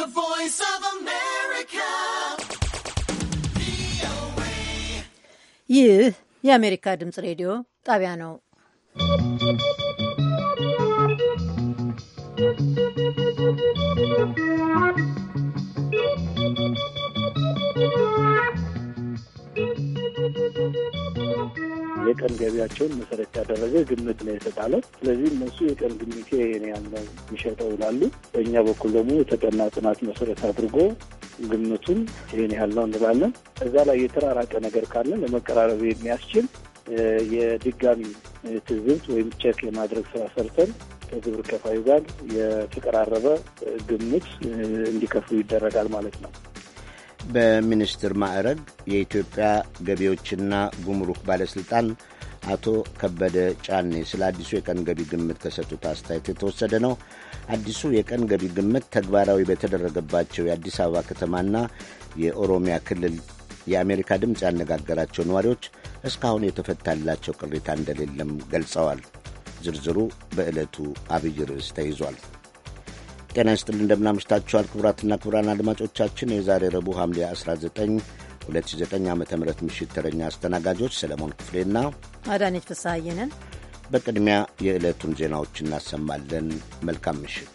The voice of America. VOA. ይህ የአሜሪካ ድምፅ ሬዲዮ ጣቢያ ነው። የቀን ገቢያቸውን መሰረት ያደረገ ግምት ነው የተጣለው። ስለዚህ እነሱ የቀን ግምቴ ያለ ይሸጠው ይላሉ። በእኛ በኩል ደግሞ የተጠና ጥናት መሰረት አድርጎ ግምቱን ይህን ያህል ነው እንላለን። እዛ ላይ የተራራቀ ነገር ካለ ለመቀራረብ የሚያስችል የድጋሚ ትዝብት ወይም ቼክ የማድረግ ስራ ሰርተን ከግብር ከፋዩ ጋር የተቀራረበ ግምት እንዲከፍሉ ይደረጋል ማለት ነው። በሚኒስትር ማዕረግ የኢትዮጵያ ገቢዎችና ጉምሩክ ባለሥልጣን አቶ ከበደ ጫኔ ስለ አዲሱ የቀን ገቢ ግምት ከሰጡት አስተያየት የተወሰደ ነው። አዲሱ የቀን ገቢ ግምት ተግባራዊ በተደረገባቸው የአዲስ አበባ ከተማና የኦሮሚያ ክልል የአሜሪካ ድምፅ ያነጋገራቸው ነዋሪዎች እስካሁን የተፈታላቸው ቅሬታ እንደሌለም ገልጸዋል። ዝርዝሩ በዕለቱ አብይ ርዕስ ተይዟል። ጤና ይስጥልኝ እንደምናምሽታችኋል ክቡራትና ክቡራን አድማጮቻችን የዛሬ ረቡዕ ሐምሌ 19 2009 ዓ ም ምሽት ተረኛ አስተናጋጆች ሰለሞን ክፍሌና አዳነች ፍስሐዬ ነን። በቅድሚያ የዕለቱን ዜናዎች እናሰማለን። መልካም ምሽት።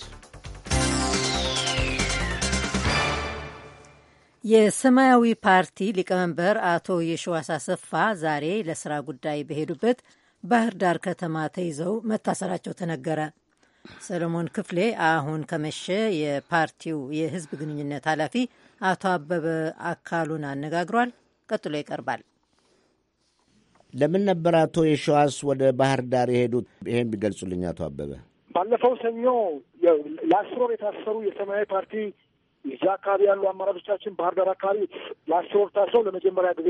የሰማያዊ ፓርቲ ሊቀመንበር አቶ የሸዋስ አሰፋ ዛሬ ለስራ ጉዳይ በሄዱበት ባህር ዳር ከተማ ተይዘው መታሰራቸው ተነገረ። ሰለሞን ክፍሌ አሁን ከመሸ የፓርቲው የህዝብ ግንኙነት ኃላፊ አቶ አበበ አካሉን አነጋግሯል። ቀጥሎ ይቀርባል። ለምን ነበር አቶ የሸዋስ ወደ ባህር ዳር የሄዱት? ይሄን ቢገልጹልኝ አቶ አበበ። ባለፈው ሰኞ ለአስር ወር የታሰሩ የሰማያዊ ፓርቲ እዛ አካባቢ ያሉ አመራሮቻችን ባህር ዳር አካባቢ ለአስር ወር ታስረው ለመጀመሪያ ጊዜ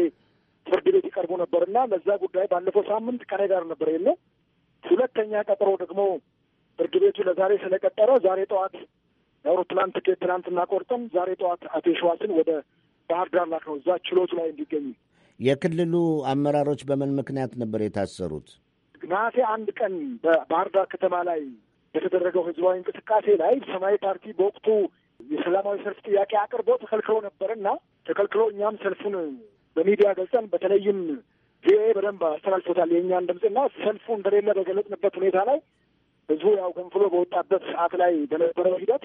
ፍርድ ቤት ይቀርቡ ነበር እና ለዛ ጉዳይ ባለፈው ሳምንት ከኔ ጋር ነበር የለ ሁለተኛ ቀጠሮ ደግሞ ፍርድ ቤቱ ለዛሬ ስለቀጠረ ዛሬ ጠዋት የአውሮፕላን ትኬት ትናንትና ቆርጠን ዛሬ ጠዋት አቶ የሸዋስን ወደ ባህር ዳር ነው እዛ ችሎቱ ላይ እንዲገኙ። የክልሉ አመራሮች በምን ምክንያት ነበር የታሰሩት? ነሐሴ አንድ ቀን በባህር ዳር ከተማ ላይ በተደረገው ህዝባዊ እንቅስቃሴ ላይ ሰማያዊ ፓርቲ በወቅቱ የሰላማዊ ሰልፍ ጥያቄ አቅርቦ ተከልክሎ ነበር ና ተከልክሎ እኛም ሰልፉን በሚዲያ ገልጸን በተለይም ቪኦኤ በደንብ አስተላልፎታል የእኛን ድምፅና ሰልፉ እንደሌለ በገለጽንበት ሁኔታ ላይ ህዝቡ ያው ገንፍሎ በወጣበት ሰዓት ላይ በነበረው ሂደት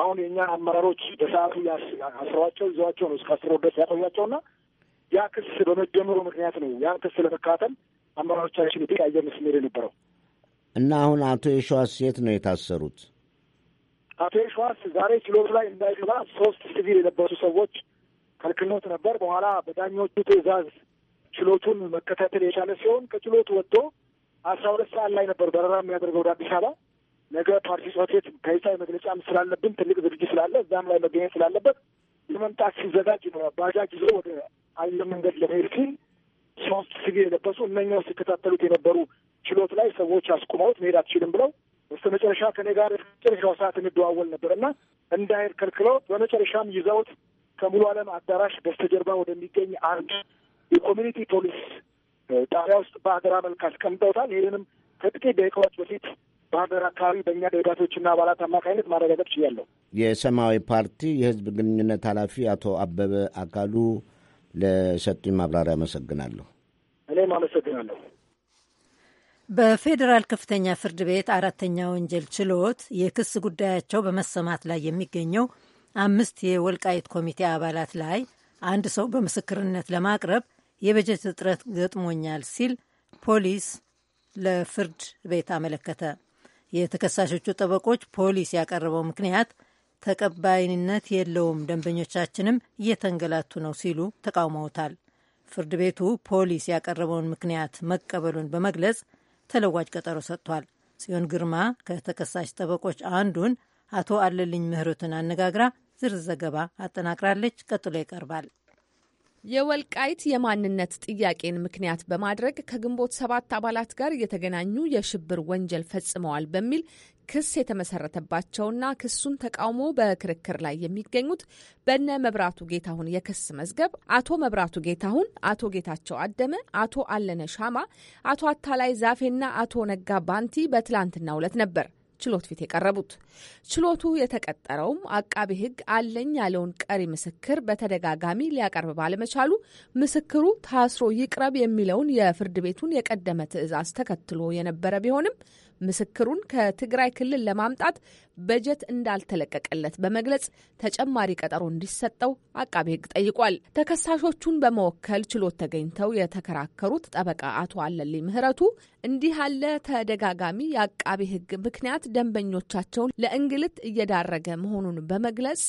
አሁን የእኛን አመራሮች በሰዓቱ አስረዋቸው ይዘዋቸው ነው እስከ አስሮ ድረስ ያቆያቸውና ያ ክስ በመጀመሩ ምክንያት ነው። ያን ክስ ለመካተል አመራሮቻችን ፊት አየር ምስሜር የነበረው እና አሁን አቶ የሸዋስ የት ነው የታሰሩት? አቶ የሸዋስ ዛሬ ችሎት ላይ እንዳይገባ ሶስት ሲቪል የለበሱ ሰዎች ከልክኖት ነበር። በኋላ በዳኞቹ ትዕዛዝ ችሎቱን መከታተል የቻለ ሲሆን ከችሎቱ ወጥቶ አስራ ሁለት ሰዓት ላይ ነበር በረራ የሚያደርገው ወደ አዲስ አበባ። ነገ ፓርቲ ጽሕፈት ቤት መግለጫም ስላለብን ትልቅ ዝግጅት ስላለ እዛም ላይ መገኘት ስላለበት ለመምጣት ሲዘጋጅ ባጃጅ ይዞ ወደ አየር መንገድ ለመሄድ ሲል ሶስት ሲቪል የለበሱ እነኛው ሲከታተሉት የነበሩ ችሎት ላይ ሰዎች አስቁመውት መሄድ አትችልም ብለው በስተ መጨረሻ ከኔ ጋር መጨረሻው ሰዓት እንደዋወል ነበር እና እንዳይሄድ ከልክለው በመጨረሻም ይዘውት ከሙሉ ዓለም አዳራሽ በስተጀርባ ወደሚገኝ አንድ የኮሚኒቲ ፖሊስ ጣቢያ ውስጥ በሀገር መልክ አስቀምጠውታል። ይህንም ከጥቂት ደቂቃዎች በፊት በሀገር አካባቢ በእኛ ደጋቶችና አባላት አማካኝነት ማረጋገጥ ችያለሁ። የሰማያዊ ፓርቲ የህዝብ ግንኙነት ኃላፊ አቶ አበበ አካሉ ለሰጡኝ ማብራሪያ አመሰግናለሁ። እኔም አመሰግናለሁ። በፌዴራል ከፍተኛ ፍርድ ቤት አራተኛ ወንጀል ችሎት የክስ ጉዳያቸው በመሰማት ላይ የሚገኘው አምስት የወልቃይት ኮሚቴ አባላት ላይ አንድ ሰው በምስክርነት ለማቅረብ የበጀት እጥረት ገጥሞኛል ሲል ፖሊስ ለፍርድ ቤት አመለከተ። የተከሳሾቹ ጠበቆች ፖሊስ ያቀረበው ምክንያት ተቀባይነት የለውም፣ ደንበኞቻችንም እየተንገላቱ ነው ሲሉ ተቃውመውታል። ፍርድ ቤቱ ፖሊስ ያቀረበውን ምክንያት መቀበሉን በመግለጽ ተለዋጭ ቀጠሮ ሰጥቷል። ጽዮን ግርማ ከተከሳሽ ጠበቆች አንዱን አቶ አለልኝ ምህረቱን አነጋግራ ዝርዝር ዘገባ አጠናቅራለች። ቀጥሎ ይቀርባል። የወልቃይት የማንነት ጥያቄን ምክንያት በማድረግ ከግንቦት ሰባት አባላት ጋር የተገናኙ የሽብር ወንጀል ፈጽመዋል በሚል ክስ የተመሰረተባቸውና ክሱን ተቃውሞ በክርክር ላይ የሚገኙት በነ መብራቱ ጌታሁን የክስ መዝገብ አቶ መብራቱ ጌታሁን፣ አቶ ጌታቸው አደመ፣ አቶ አለነ ሻማ፣ አቶ አታላይ ዛፌና አቶ ነጋ ባንቲ በትላንትናው ዕለት ነበር ችሎት ፊት የቀረቡት። ችሎቱ የተቀጠረውም አቃቤ ሕግ አለኝ ያለውን ቀሪ ምስክር በተደጋጋሚ ሊያቀርብ ባለመቻሉ ምስክሩ ታስሮ ይቅረብ የሚለውን የፍርድ ቤቱን የቀደመ ትዕዛዝ ተከትሎ የነበረ ቢሆንም ምስክሩን ከትግራይ ክልል ለማምጣት በጀት እንዳልተለቀቀለት በመግለጽ ተጨማሪ ቀጠሮ እንዲሰጠው አቃቤ ሕግ ጠይቋል። ተከሳሾቹን በመወከል ችሎት ተገኝተው የተከራከሩት ጠበቃ አቶ አለልኝ ምህረቱ እንዲህ ያለ ተደጋጋሚ የአቃቤ ሕግ ምክንያት ደንበኞቻቸውን ለእንግልት እየዳረገ መሆኑን በመግለጽ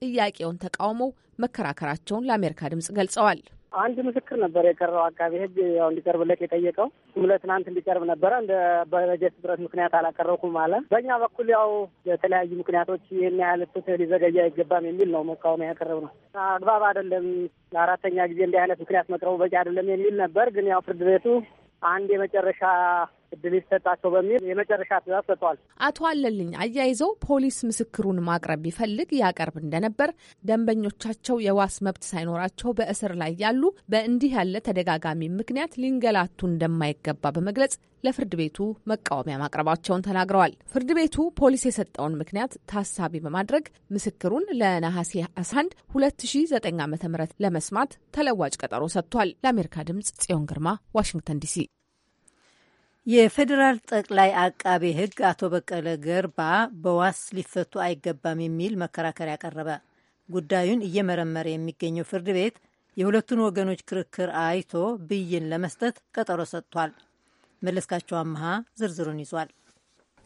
ጥያቄውን ተቃውመው መከራከራቸውን ለአሜሪካ ድምጽ ገልጸዋል። አንድ ምስክር ነበር የቀረው። አቃቤ ህግ ያው እንዲቀርብለት የጠየቀው እሱም ለትናንት እንዲቀርብ ነበረ። እንደ በጀት ብረት ምክንያት አላቀረብኩም አለ። በእኛ በኩል ያው የተለያዩ ምክንያቶች ይህን ያህል ፍትህ ሊዘገይ አይገባም የሚል ነው መቃወሚያ ያቀረብ ነው። አግባብ አይደለም፣ ለአራተኛ ጊዜ እንዲህ አይነት ምክንያት መቅረቡ በቂ አይደለም የሚል ነበር። ግን ያው ፍርድ ቤቱ አንድ የመጨረሻ እድል ይሰጣቸው በሚል የመጨረሻ ትእዛዝ ሰጥተዋል። አቶ አለልኝ አያይዘው ፖሊስ ምስክሩን ማቅረብ ቢፈልግ ያቀርብ እንደነበር፣ ደንበኞቻቸው የዋስ መብት ሳይኖራቸው በእስር ላይ ያሉ በእንዲህ ያለ ተደጋጋሚ ምክንያት ሊንገላቱ እንደማይገባ በመግለጽ ለፍርድ ቤቱ መቃወሚያ ማቅረባቸውን ተናግረዋል። ፍርድ ቤቱ ፖሊስ የሰጠውን ምክንያት ታሳቢ በማድረግ ምስክሩን ለነሐሴ 11 2009 ዓ.ም ለመስማት ተለዋጭ ቀጠሮ ሰጥቷል። ለአሜሪካ ድምጽ ጽዮን ግርማ ዋሽንግተን ዲሲ የፌዴራል ጠቅላይ አቃቤ ሕግ አቶ በቀለ ገርባ በዋስ ሊፈቱ አይገባም የሚል መከራከሪያ ያቀረበ ጉዳዩን እየመረመረ የሚገኘው ፍርድ ቤት የሁለቱን ወገኖች ክርክር አይቶ ብይን ለመስጠት ቀጠሮ ሰጥቷል። መለስካቸው አመሃ ዝርዝሩን ይዟል።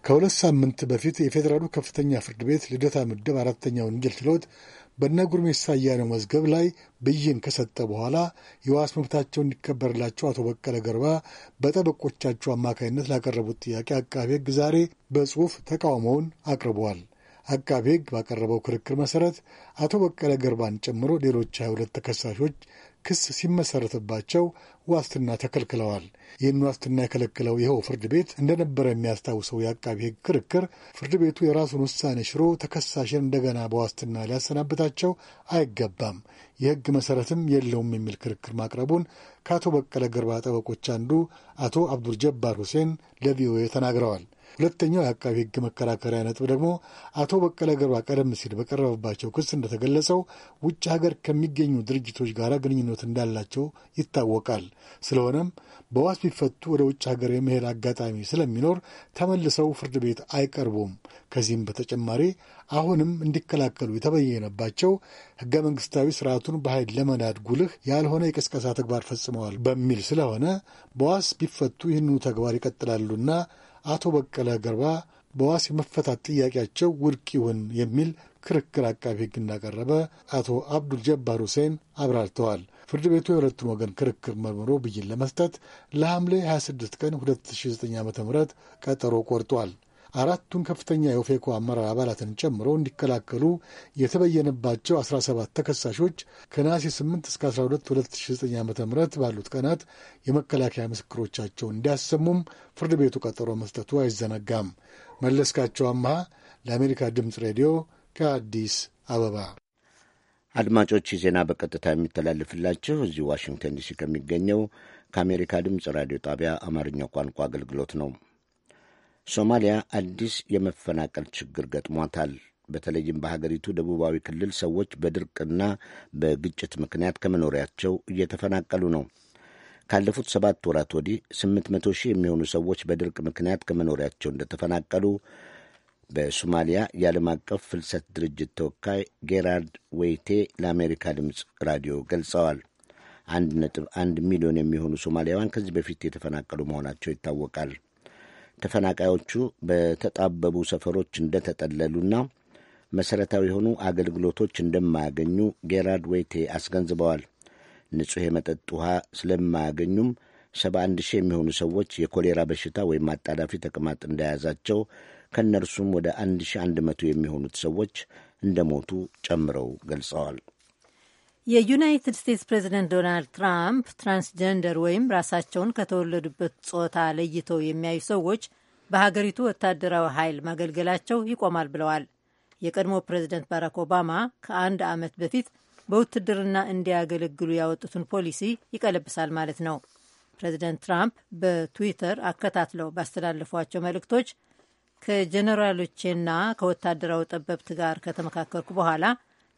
ከሁለት ሳምንት በፊት የፌዴራሉ ከፍተኛ ፍርድ ቤት ልደታ ምድብ አራተኛ ወንጀል ችሎት በነ ጉርሜሳ አያሌው መዝገብ ላይ ብይን ከሰጠ በኋላ የዋስ መብታቸው እንዲከበርላቸው አቶ በቀለ ገርባ በጠበቆቻቸው አማካኝነት ላቀረቡት ጥያቄ አቃቤ ሕግ ዛሬ በጽሑፍ ተቃውሞውን አቅርበዋል። አቃቤ ሕግ ባቀረበው ክርክር መሰረት አቶ በቀለ ገርባን ጨምሮ ሌሎች 22 ተከሳሾች ክስ ሲመሰረትባቸው ዋስትና ተከልክለዋል። ይህን ዋስትና የከለክለው ይኸው ፍርድ ቤት እንደነበረ የሚያስታውሰው የአቃቢ ሕግ ክርክር ፍርድ ቤቱ የራሱን ውሳኔ ሽሮ ተከሳሽን እንደገና በዋስትና ሊያሰናብታቸው አይገባም፣ የሕግ መሰረትም የለውም የሚል ክርክር ማቅረቡን ከአቶ በቀለ ገርባ ጠበቆች አንዱ አቶ አብዱል ጀባር ሁሴን ለቪኦኤ ተናግረዋል። ሁለተኛው የአቃቢ ሕግ መከራከሪያ ነጥብ ደግሞ አቶ በቀለ ገርባ ቀደም ሲል በቀረበባቸው ክስ እንደተገለጸው ውጭ ሀገር ከሚገኙ ድርጅቶች ጋር ግንኙነት እንዳላቸው ይታወቃል። ስለሆነም በዋስ ቢፈቱ ወደ ውጭ ሀገር የመሄድ አጋጣሚ ስለሚኖር ተመልሰው ፍርድ ቤት አይቀርቡም። ከዚህም በተጨማሪ አሁንም እንዲከላከሉ የተበየነባቸው ህገ መንግስታዊ ስርዓቱን በኃይል ለመናድ ጉልህ ያልሆነ የቅስቀሳ ተግባር ፈጽመዋል በሚል ስለሆነ በዋስ ቢፈቱ ይህንኑ ተግባር ይቀጥላሉና አቶ በቀለ ገርባ በዋስ የመፈታት ጥያቄያቸው ውድቅ ይሁን የሚል ክርክር አቃቢ ሕግ እንዳቀረበ አቶ አብዱል ጀባር ሁሴን አብራርተዋል። ፍርድ ቤቱ የሁለቱን ወገን ክርክር መርምሮ ብይን ለመስጠት ለሐምሌ 26 ቀን 2009 ዓ ም ቀጠሮ ቆርጧል። አራቱን ከፍተኛ የኦፌኮ አመራር አባላትን ጨምሮ እንዲከላከሉ የተበየነባቸው 17 ተከሳሾች ከነሐሴ 8 እስከ 12 2009 ዓ ም ባሉት ቀናት የመከላከያ ምስክሮቻቸው እንዲያሰሙም ፍርድ ቤቱ ቀጠሮ መስጠቱ አይዘነጋም። መለስካቸው አምሃ ለአሜሪካ ድምፅ ሬዲዮ ከአዲስ አበባ። አድማጮች ዜና በቀጥታ የሚተላለፍላችሁ እዚህ ዋሽንግተን ዲሲ ከሚገኘው ከአሜሪካ ድምፅ ራዲዮ ጣቢያ አማርኛ ቋንቋ አገልግሎት ነው። ሶማሊያ አዲስ የመፈናቀል ችግር ገጥሟታል። በተለይም በሀገሪቱ ደቡባዊ ክልል ሰዎች በድርቅና በግጭት ምክንያት ከመኖሪያቸው እየተፈናቀሉ ነው። ካለፉት ሰባት ወራት ወዲህ ስምንት መቶ ሺህ የሚሆኑ ሰዎች በድርቅ ምክንያት ከመኖሪያቸው እንደተፈናቀሉ በሶማሊያ የዓለም አቀፍ ፍልሰት ድርጅት ተወካይ ጌራርድ ወይቴ ለአሜሪካ ድምፅ ራዲዮ ገልጸዋል። አንድ ነጥብ አንድ ሚሊዮን የሚሆኑ ሶማሊያውያን ከዚህ በፊት የተፈናቀሉ መሆናቸው ይታወቃል። ተፈናቃዮቹ በተጣበቡ ሰፈሮች እንደተጠለሉና መሠረታዊ የሆኑ አገልግሎቶች እንደማያገኙ ጌራርድ ዌይቴ አስገንዝበዋል። ንጹሕ የመጠጥ ውሃ ስለማያገኙም 71 ሺህ የሚሆኑ ሰዎች የኮሌራ በሽታ ወይም አጣዳፊ ተቅማጥ እንደያዛቸው ከእነርሱም ወደ መቶ የሚሆኑት ሰዎች እንደሞቱ ጨምረው ገልጸዋል። የዩናይትድ ስቴትስ ፕሬዚደንት ዶናልድ ትራምፕ ትራንስጀንደር ወይም ራሳቸውን ከተወለዱበት ጾታ ለይተው የሚያዩ ሰዎች በሀገሪቱ ወታደራዊ ኃይል ማገልገላቸው ይቆማል ብለዋል። የቀድሞ ፕሬዚደንት ባራክ ኦባማ ከአንድ ዓመት በፊት በውትድርና እንዲያገለግሉ ያወጡትን ፖሊሲ ይቀለብሳል ማለት ነው። ፕሬዚደንት ትራምፕ በትዊተር አከታትለው ባስተላለፏቸው መልእክቶች ከጀኔራሎቼና ከወታደራዊ ጠበብት ጋር ከተመካከርኩ በኋላ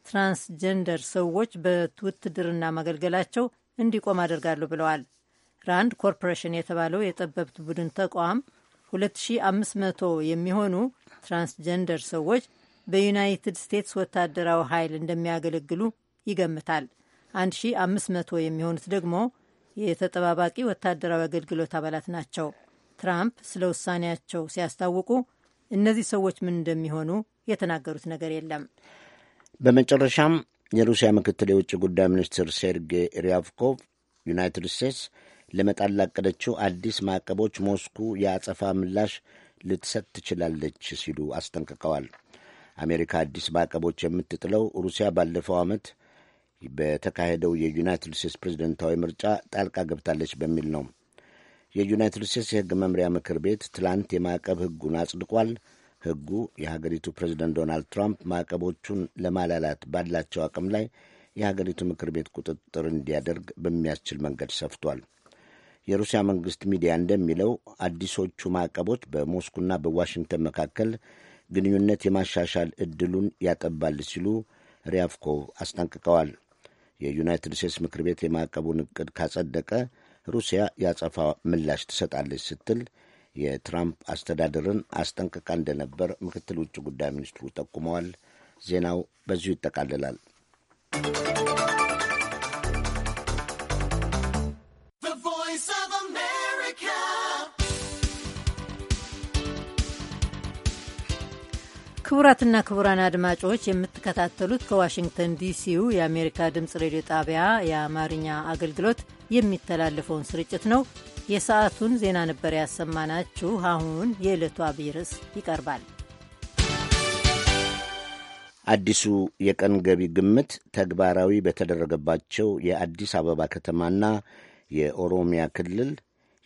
ትራንስጀንደር ሰዎች በውትድርና ማገልገላቸው እንዲቆም አደርጋለሁ ብለዋል። ራንድ ኮርፖሬሽን የተባለው የጠበብት ቡድን ተቋም 2500 የሚሆኑ ትራንስጀንደር ሰዎች በዩናይትድ ስቴትስ ወታደራዊ ኃይል እንደሚያገለግሉ ይገምታል። 1500 የሚሆኑት ደግሞ የተጠባባቂ ወታደራዊ አገልግሎት አባላት ናቸው። ትራምፕ ስለ ውሳኔያቸው ሲያስታውቁ እነዚህ ሰዎች ምን እንደሚሆኑ የተናገሩት ነገር የለም። በመጨረሻም የሩሲያ ምክትል የውጭ ጉዳይ ሚኒስትር ሴርጌይ ሪያቭኮቭ ዩናይትድ ስቴትስ ለመጣል ላቀደችው አዲስ ማዕቀቦች ሞስኩ የአጸፋ ምላሽ ልትሰጥ ትችላለች ሲሉ አስጠንቅቀዋል። አሜሪካ አዲስ ማዕቀቦች የምትጥለው ሩሲያ ባለፈው ዓመት በተካሄደው የዩናይትድ ስቴትስ ፕሬዝደንታዊ ምርጫ ጣልቃ ገብታለች በሚል ነው። የዩናይትድ ስቴትስ የሕግ መምሪያ ምክር ቤት ትላንት የማዕቀብ ሕጉን አጽድቋል። ሕጉ የሀገሪቱ ፕሬዚደንት ዶናልድ ትራምፕ ማዕቀቦቹን ለማላላት ባላቸው አቅም ላይ የሀገሪቱ ምክር ቤት ቁጥጥር እንዲያደርግ በሚያስችል መንገድ ሰፍቷል። የሩሲያ መንግሥት ሚዲያ እንደሚለው አዲሶቹ ማዕቀቦች በሞስኩና በዋሽንግተን መካከል ግንኙነት የማሻሻል ዕድሉን ያጠባል ሲሉ ሪያፍኮቭ አስጠንቅቀዋል። የዩናይትድ ስቴትስ ምክር ቤት የማዕቀቡን ዕቅድ ካጸደቀ ሩሲያ ያጸፋ ምላሽ ትሰጣለች ስትል የትራምፕ አስተዳደርን አስጠንቅቃ እንደነበር ምክትል ውጭ ጉዳይ ሚኒስትሩ ጠቁመዋል። ዜናው በዚሁ ይጠቃልላል። ክቡራትና ክቡራን አድማጮች የምትከታተሉት ከዋሽንግተን ዲሲው የአሜሪካ ድምፅ ሬዲዮ ጣቢያ የአማርኛ አገልግሎት የሚተላለፈውን ስርጭት ነው። የሰዓቱን ዜና ነበር ያሰማናችሁ። አሁን የዕለቱ አብይ ርዕስ ይቀርባል። አዲሱ የቀን ገቢ ግምት ተግባራዊ በተደረገባቸው የአዲስ አበባ ከተማና የኦሮሚያ ክልል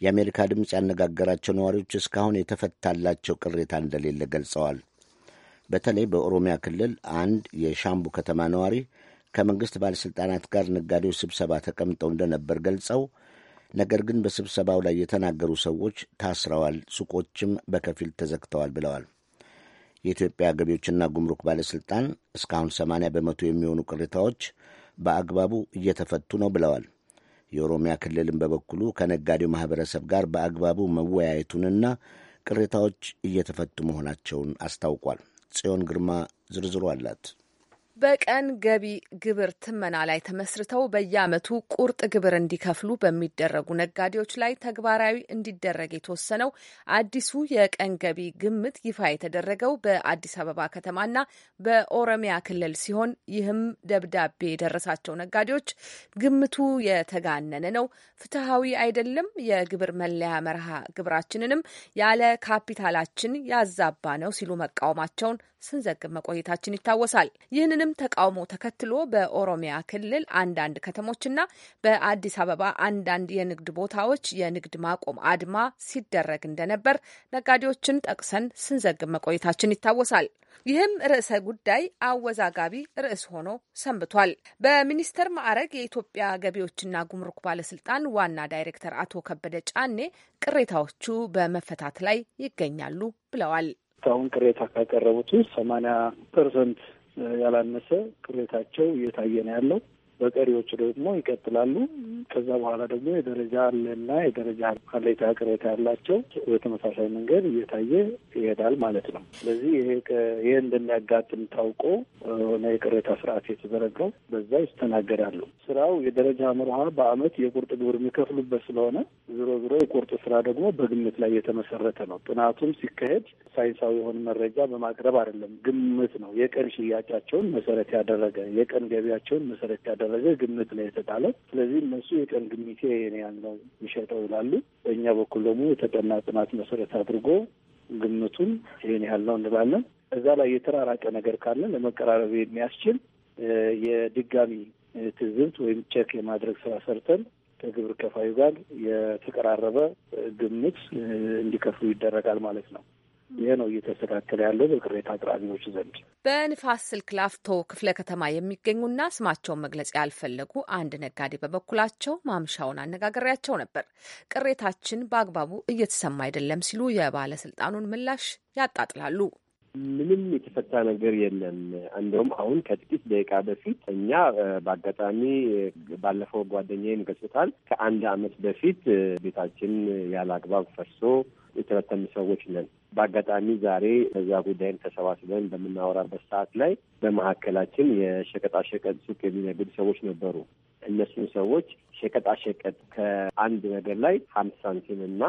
የአሜሪካ ድምፅ ያነጋገራቸው ነዋሪዎች እስካሁን የተፈታላቸው ቅሬታ እንደሌለ ገልጸዋል። በተለይ በኦሮሚያ ክልል አንድ የሻምቡ ከተማ ነዋሪ ከመንግሥት ባለሥልጣናት ጋር ነጋዴዎች ስብሰባ ተቀምጠው እንደነበር ገልጸው ነገር ግን በስብሰባው ላይ የተናገሩ ሰዎች ታስረዋል፣ ሱቆችም በከፊል ተዘግተዋል ብለዋል። የኢትዮጵያ ገቢዎችና ጉምሩክ ባለሥልጣን እስካሁን 80 በመቶ የሚሆኑ ቅሬታዎች በአግባቡ እየተፈቱ ነው ብለዋል። የኦሮሚያ ክልልም በበኩሉ ከነጋዴው ማኅበረሰብ ጋር በአግባቡ መወያየቱንና ቅሬታዎች እየተፈቱ መሆናቸውን አስታውቋል። ጽዮን ግርማ ዝርዝሩ አላት። በቀን ገቢ ግብር ትመና ላይ ተመስርተው በየዓመቱ ቁርጥ ግብር እንዲከፍሉ በሚደረጉ ነጋዴዎች ላይ ተግባራዊ እንዲደረግ የተወሰነው አዲሱ የቀን ገቢ ግምት ይፋ የተደረገው በአዲስ አበባ ከተማና በኦሮሚያ ክልል ሲሆን ይህም ደብዳቤ የደረሳቸው ነጋዴዎች ግምቱ የተጋነነ ነው፣ ፍትሐዊ አይደለም፣ የግብር መለያ መርሃ ግብራችንንም ያለ ካፒታላችን ያዛባ ነው ሲሉ መቃወማቸውን ስንዘግብ መቆየታችን ይታወሳል። ይህንንም ተቃውሞ ተከትሎ በኦሮሚያ ክልል አንዳንድ ከተሞችና በአዲስ አበባ አንዳንድ የንግድ ቦታዎች የንግድ ማቆም አድማ ሲደረግ እንደነበር ነጋዴዎችን ጠቅሰን ስንዘግብ መቆየታችን ይታወሳል። ይህም ርዕሰ ጉዳይ አወዛጋቢ ርዕስ ሆኖ ሰንብቷል። በሚኒስተር ማዕረግ የኢትዮጵያ ገቢዎችና ጉምሩክ ባለስልጣን ዋና ዳይሬክተር አቶ ከበደ ጫኔ ቅሬታዎቹ በመፈታት ላይ ይገኛሉ ብለዋል። እስካሁን ቅሬታ ካቀረቡት ውስጥ ሰማንያ ፐርሰንት ያላነሰ ቅሬታቸው እየታየ ነው ያለው። በቀሪዎቹ ደግሞ ይቀጥላሉ። ከዛ በኋላ ደግሞ የደረጃ አለና የደረጃ አለይታ ቅሬታ ያላቸው በተመሳሳይ መንገድ እየታየ ይሄዳል ማለት ነው። ስለዚህ ይሄ ይሄ እንደሚያጋጥም ታውቆ ሆነ የቅሬታ ስርዓት የተዘረጋው በዛ ይስተናገዳሉ። ስራው የደረጃ መርሃ በአመት የቁርጥ ግብር የሚከፍሉበት ስለሆነ ዞሮ ዞሮ የቁርጥ ስራ ደግሞ በግምት ላይ የተመሰረተ ነው። ጥናቱም ሲካሄድ ሳይንሳዊ የሆነ መረጃ በማቅረብ አይደለም፣ ግምት ነው። የቀን ሽያጫቸውን መሰረት ያደረገ የቀን ገቢያቸውን መሰረት ያደረገ የተደረገ ግምት ነው የተጣለ። ስለዚህ እነሱ የቀን ግምቴ ያህል ነው የሚሸጠው ይላሉ። በእኛ በኩል ደግሞ የተጠና ጥናት መሰረት አድርጎ ግምቱን ይህን ያህል ነው እንላለን። እዛ ላይ የተራራቀ ነገር ካለ ለመቀራረብ የሚያስችል የድጋሚ ትዝብት ወይም ቼክ የማድረግ ስራ ሰርተን ከግብር ከፋዩ ጋር የተቀራረበ ግምት እንዲከፍሉ ይደረጋል ማለት ነው። ይህ ነው እየተስተካከለ ያለው በቅሬታ አቅራቢዎች ዘንድ። በንፋስ ስልክ ላፍቶ ክፍለ ከተማ የሚገኙና ስማቸውን መግለጽ ያልፈለጉ አንድ ነጋዴ በበኩላቸው ማምሻውን አነጋገሪያቸው ነበር። ቅሬታችን በአግባቡ እየተሰማ አይደለም ሲሉ የባለስልጣኑን ምላሽ ያጣጥላሉ። ምንም የተፈታ ነገር የለም። እንደውም አሁን ከጥቂት ደቂቃ በፊት እኛ በአጋጣሚ ባለፈው ጓደኛዬን ገጽታል ከአንድ ዓመት በፊት ቤታችን ያለ አግባብ ፈርሶ የተበተኑ ሰዎች ነን። በአጋጣሚ ዛሬ በዛ ጉዳይም ተሰባስበን በምናወራበት ሰዓት ላይ በመካከላችን የሸቀጣሸቀጥ ሱቅ የሚነግድ ሰዎች ነበሩ። እነሱን ሰዎች ሸቀጣሸቀጥ ከአንድ ነገር ላይ ሀምሳ ሳንቲም እና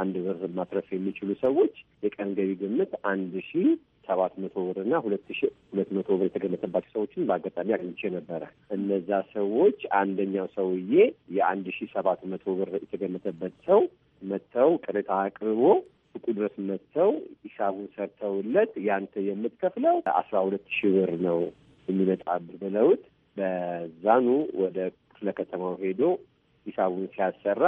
አንድ ብር ማትረፍ የሚችሉ ሰዎች የቀን ገቢ ግምት አንድ ሺ ሰባት መቶ ብር እና ሁለት ሺ ሁለት መቶ ብር የተገመተባቸው ሰዎችን በአጋጣሚ አግኝቼ ነበረ። እነዛ ሰዎች አንደኛው ሰውዬ የአንድ ሺ ሰባት መቶ ብር የተገመተበት ሰው መጥተው ቅሬታ አቅርቦ ሱቁ ድረስ መጥተው ሂሳቡን ሰርተውለት ያንተ የምትከፍለው አስራ ሁለት ሺ ብር ነው የሚመጣ ብለውት በዛኑ ወደ ክፍለ ከተማው ሄዶ ሂሳቡን ሲያሰራ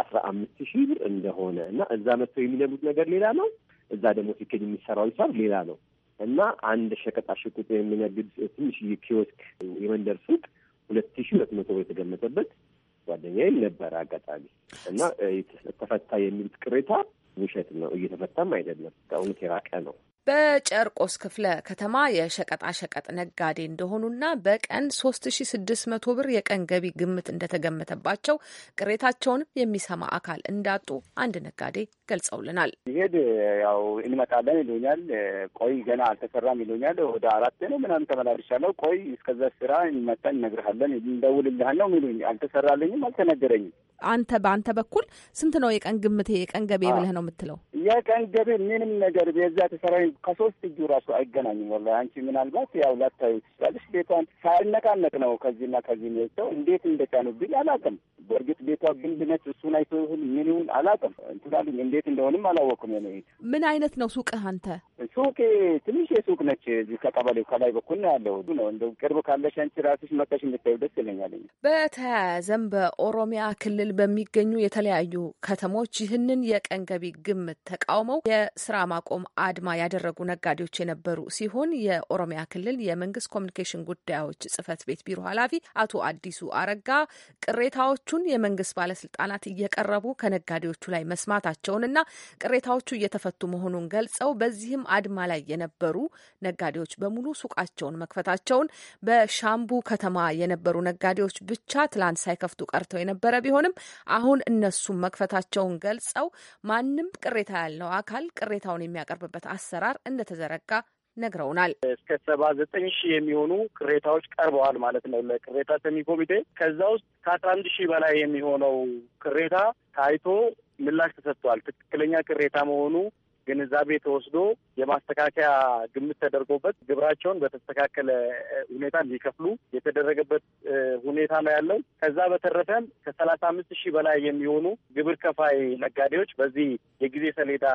አስራ አምስት ሺህ ብር እንደሆነ እና እዛ መጥቶ የሚለምዱት ነገር ሌላ ነው። እዛ ደግሞ ሲኬድ የሚሰራው ሂሳብ ሌላ ነው እና አንድ ሸቀጣ ሽቁጥ የሚነግድ ትንሽ ኪዮስክ የመንደር ሱቅ ሁለት ሺህ ሁለት መቶ ብር የተገመተበት ጓደኛዬ ነበረ አጋጣሚ እና ተፈታ የሚሉት ቅሬታ ውሸት ነው። እየተፈታም አይደለም፣ ከእውነት የራቀ ነው። በጨርቆስ ክፍለ ከተማ የሸቀጣሸቀጥ ነጋዴ እንደሆኑና በቀን 3600 ብር የቀን ገቢ ግምት እንደተገመተባቸው ቅሬታቸውንም የሚሰማ አካል እንዳጡ አንድ ነጋዴ ገልጸውልናል። ይሄድ ያው እንመጣለን ይሉኛል። ቆይ ገና አልተሰራም ይሉኛል። ወደ አራት ነው ምናምን ተመላልሻለሁ። ቆይ እስከዛ ስራ እንመጣ እነግርሃለን፣ እንደውልልሃል ነው የሚሉኝ። አልተሰራልኝም፣ አልተነገረኝም። አንተ በአንተ በኩል ስንት ነው የቀን ግምቴ የቀን ገቤ ብለህ ነው የምትለው? የቀን ገቤ ምንም ነገር የዛ ተሰራዊ ከሶስት እጁ ራሱ አይገናኝም። ወላሂ አንቺ ምናልባት ያው ላታዩ ትችላለች። ቤቷን ሳያነቃነቅ ነው ከዚህና ከዚህ ሚወስደው እንዴት እንደጫኑብኝ አላውቅም። በእርግጥ ቤቷ ግንድ ነች። እሱን አይቶ ይሁን ምን ይሁን አላውቅም። እንትናልኝ እንዴት እንደሆንም አላወቅም። ምን አይነት ነው ሱቅህ አንተ? ሱቅ ትንሽ የሱቅ ነች። እዚህ ከቀበሌው ከላይ በኩል ነው ያለው ነው እንደ ቅርብ ካለሽ አንቺ ራስሽ መጠሽ እንድታዩ ደስ ይለኛል። በተያያዘም በኦሮሚያ ክልል በሚገኙ የተለያዩ ከተሞች ይህንን የቀን ገቢ ግምት ተቃውመው የስራ ማቆም አድማ ያደረጉ ነጋዴዎች የነበሩ ሲሆን የኦሮሚያ ክልል የመንግስት ኮሚኒኬሽን ጉዳዮች ጽህፈት ቤት ቢሮ ኃላፊ አቶ አዲሱ አረጋ ቅሬታዎቹን የመንግስት ባለስልጣናት እየቀረቡ ከነጋዴዎቹ ላይ መስማታቸውንና ቅሬታዎቹ እየተፈቱ መሆኑን ገልጸው በዚህም በአድማ ላይ የነበሩ ነጋዴዎች በሙሉ ሱቃቸውን መክፈታቸውን፣ በሻምቡ ከተማ የነበሩ ነጋዴዎች ብቻ ትላንት ሳይከፍቱ ቀርተው የነበረ ቢሆንም አሁን እነሱም መክፈታቸውን ገልጸው ማንም ቅሬታ ያለው አካል ቅሬታውን የሚያቀርብበት አሰራር እንደተዘረጋ ነግረውናል። እስከ ሰባ ዘጠኝ ሺህ የሚሆኑ ቅሬታዎች ቀርበዋል ማለት ነው ለቅሬታ ሰሚ ኮሚቴ። ከዛ ውስጥ ከአስራ አንድ ሺህ በላይ የሚሆነው ቅሬታ ታይቶ ምላሽ ተሰጥቷል። ትክክለኛ ቅሬታ መሆኑ ግንዛቤ ተወስዶ የማስተካከያ ግምት ተደርጎበት ግብራቸውን በተስተካከለ ሁኔታ እንዲከፍሉ የተደረገበት ሁኔታ ነው ያለው። ከዛ በተረፈም ከሰላሳ አምስት ሺህ በላይ የሚሆኑ ግብር ከፋይ ነጋዴዎች በዚህ የጊዜ ሰሌዳ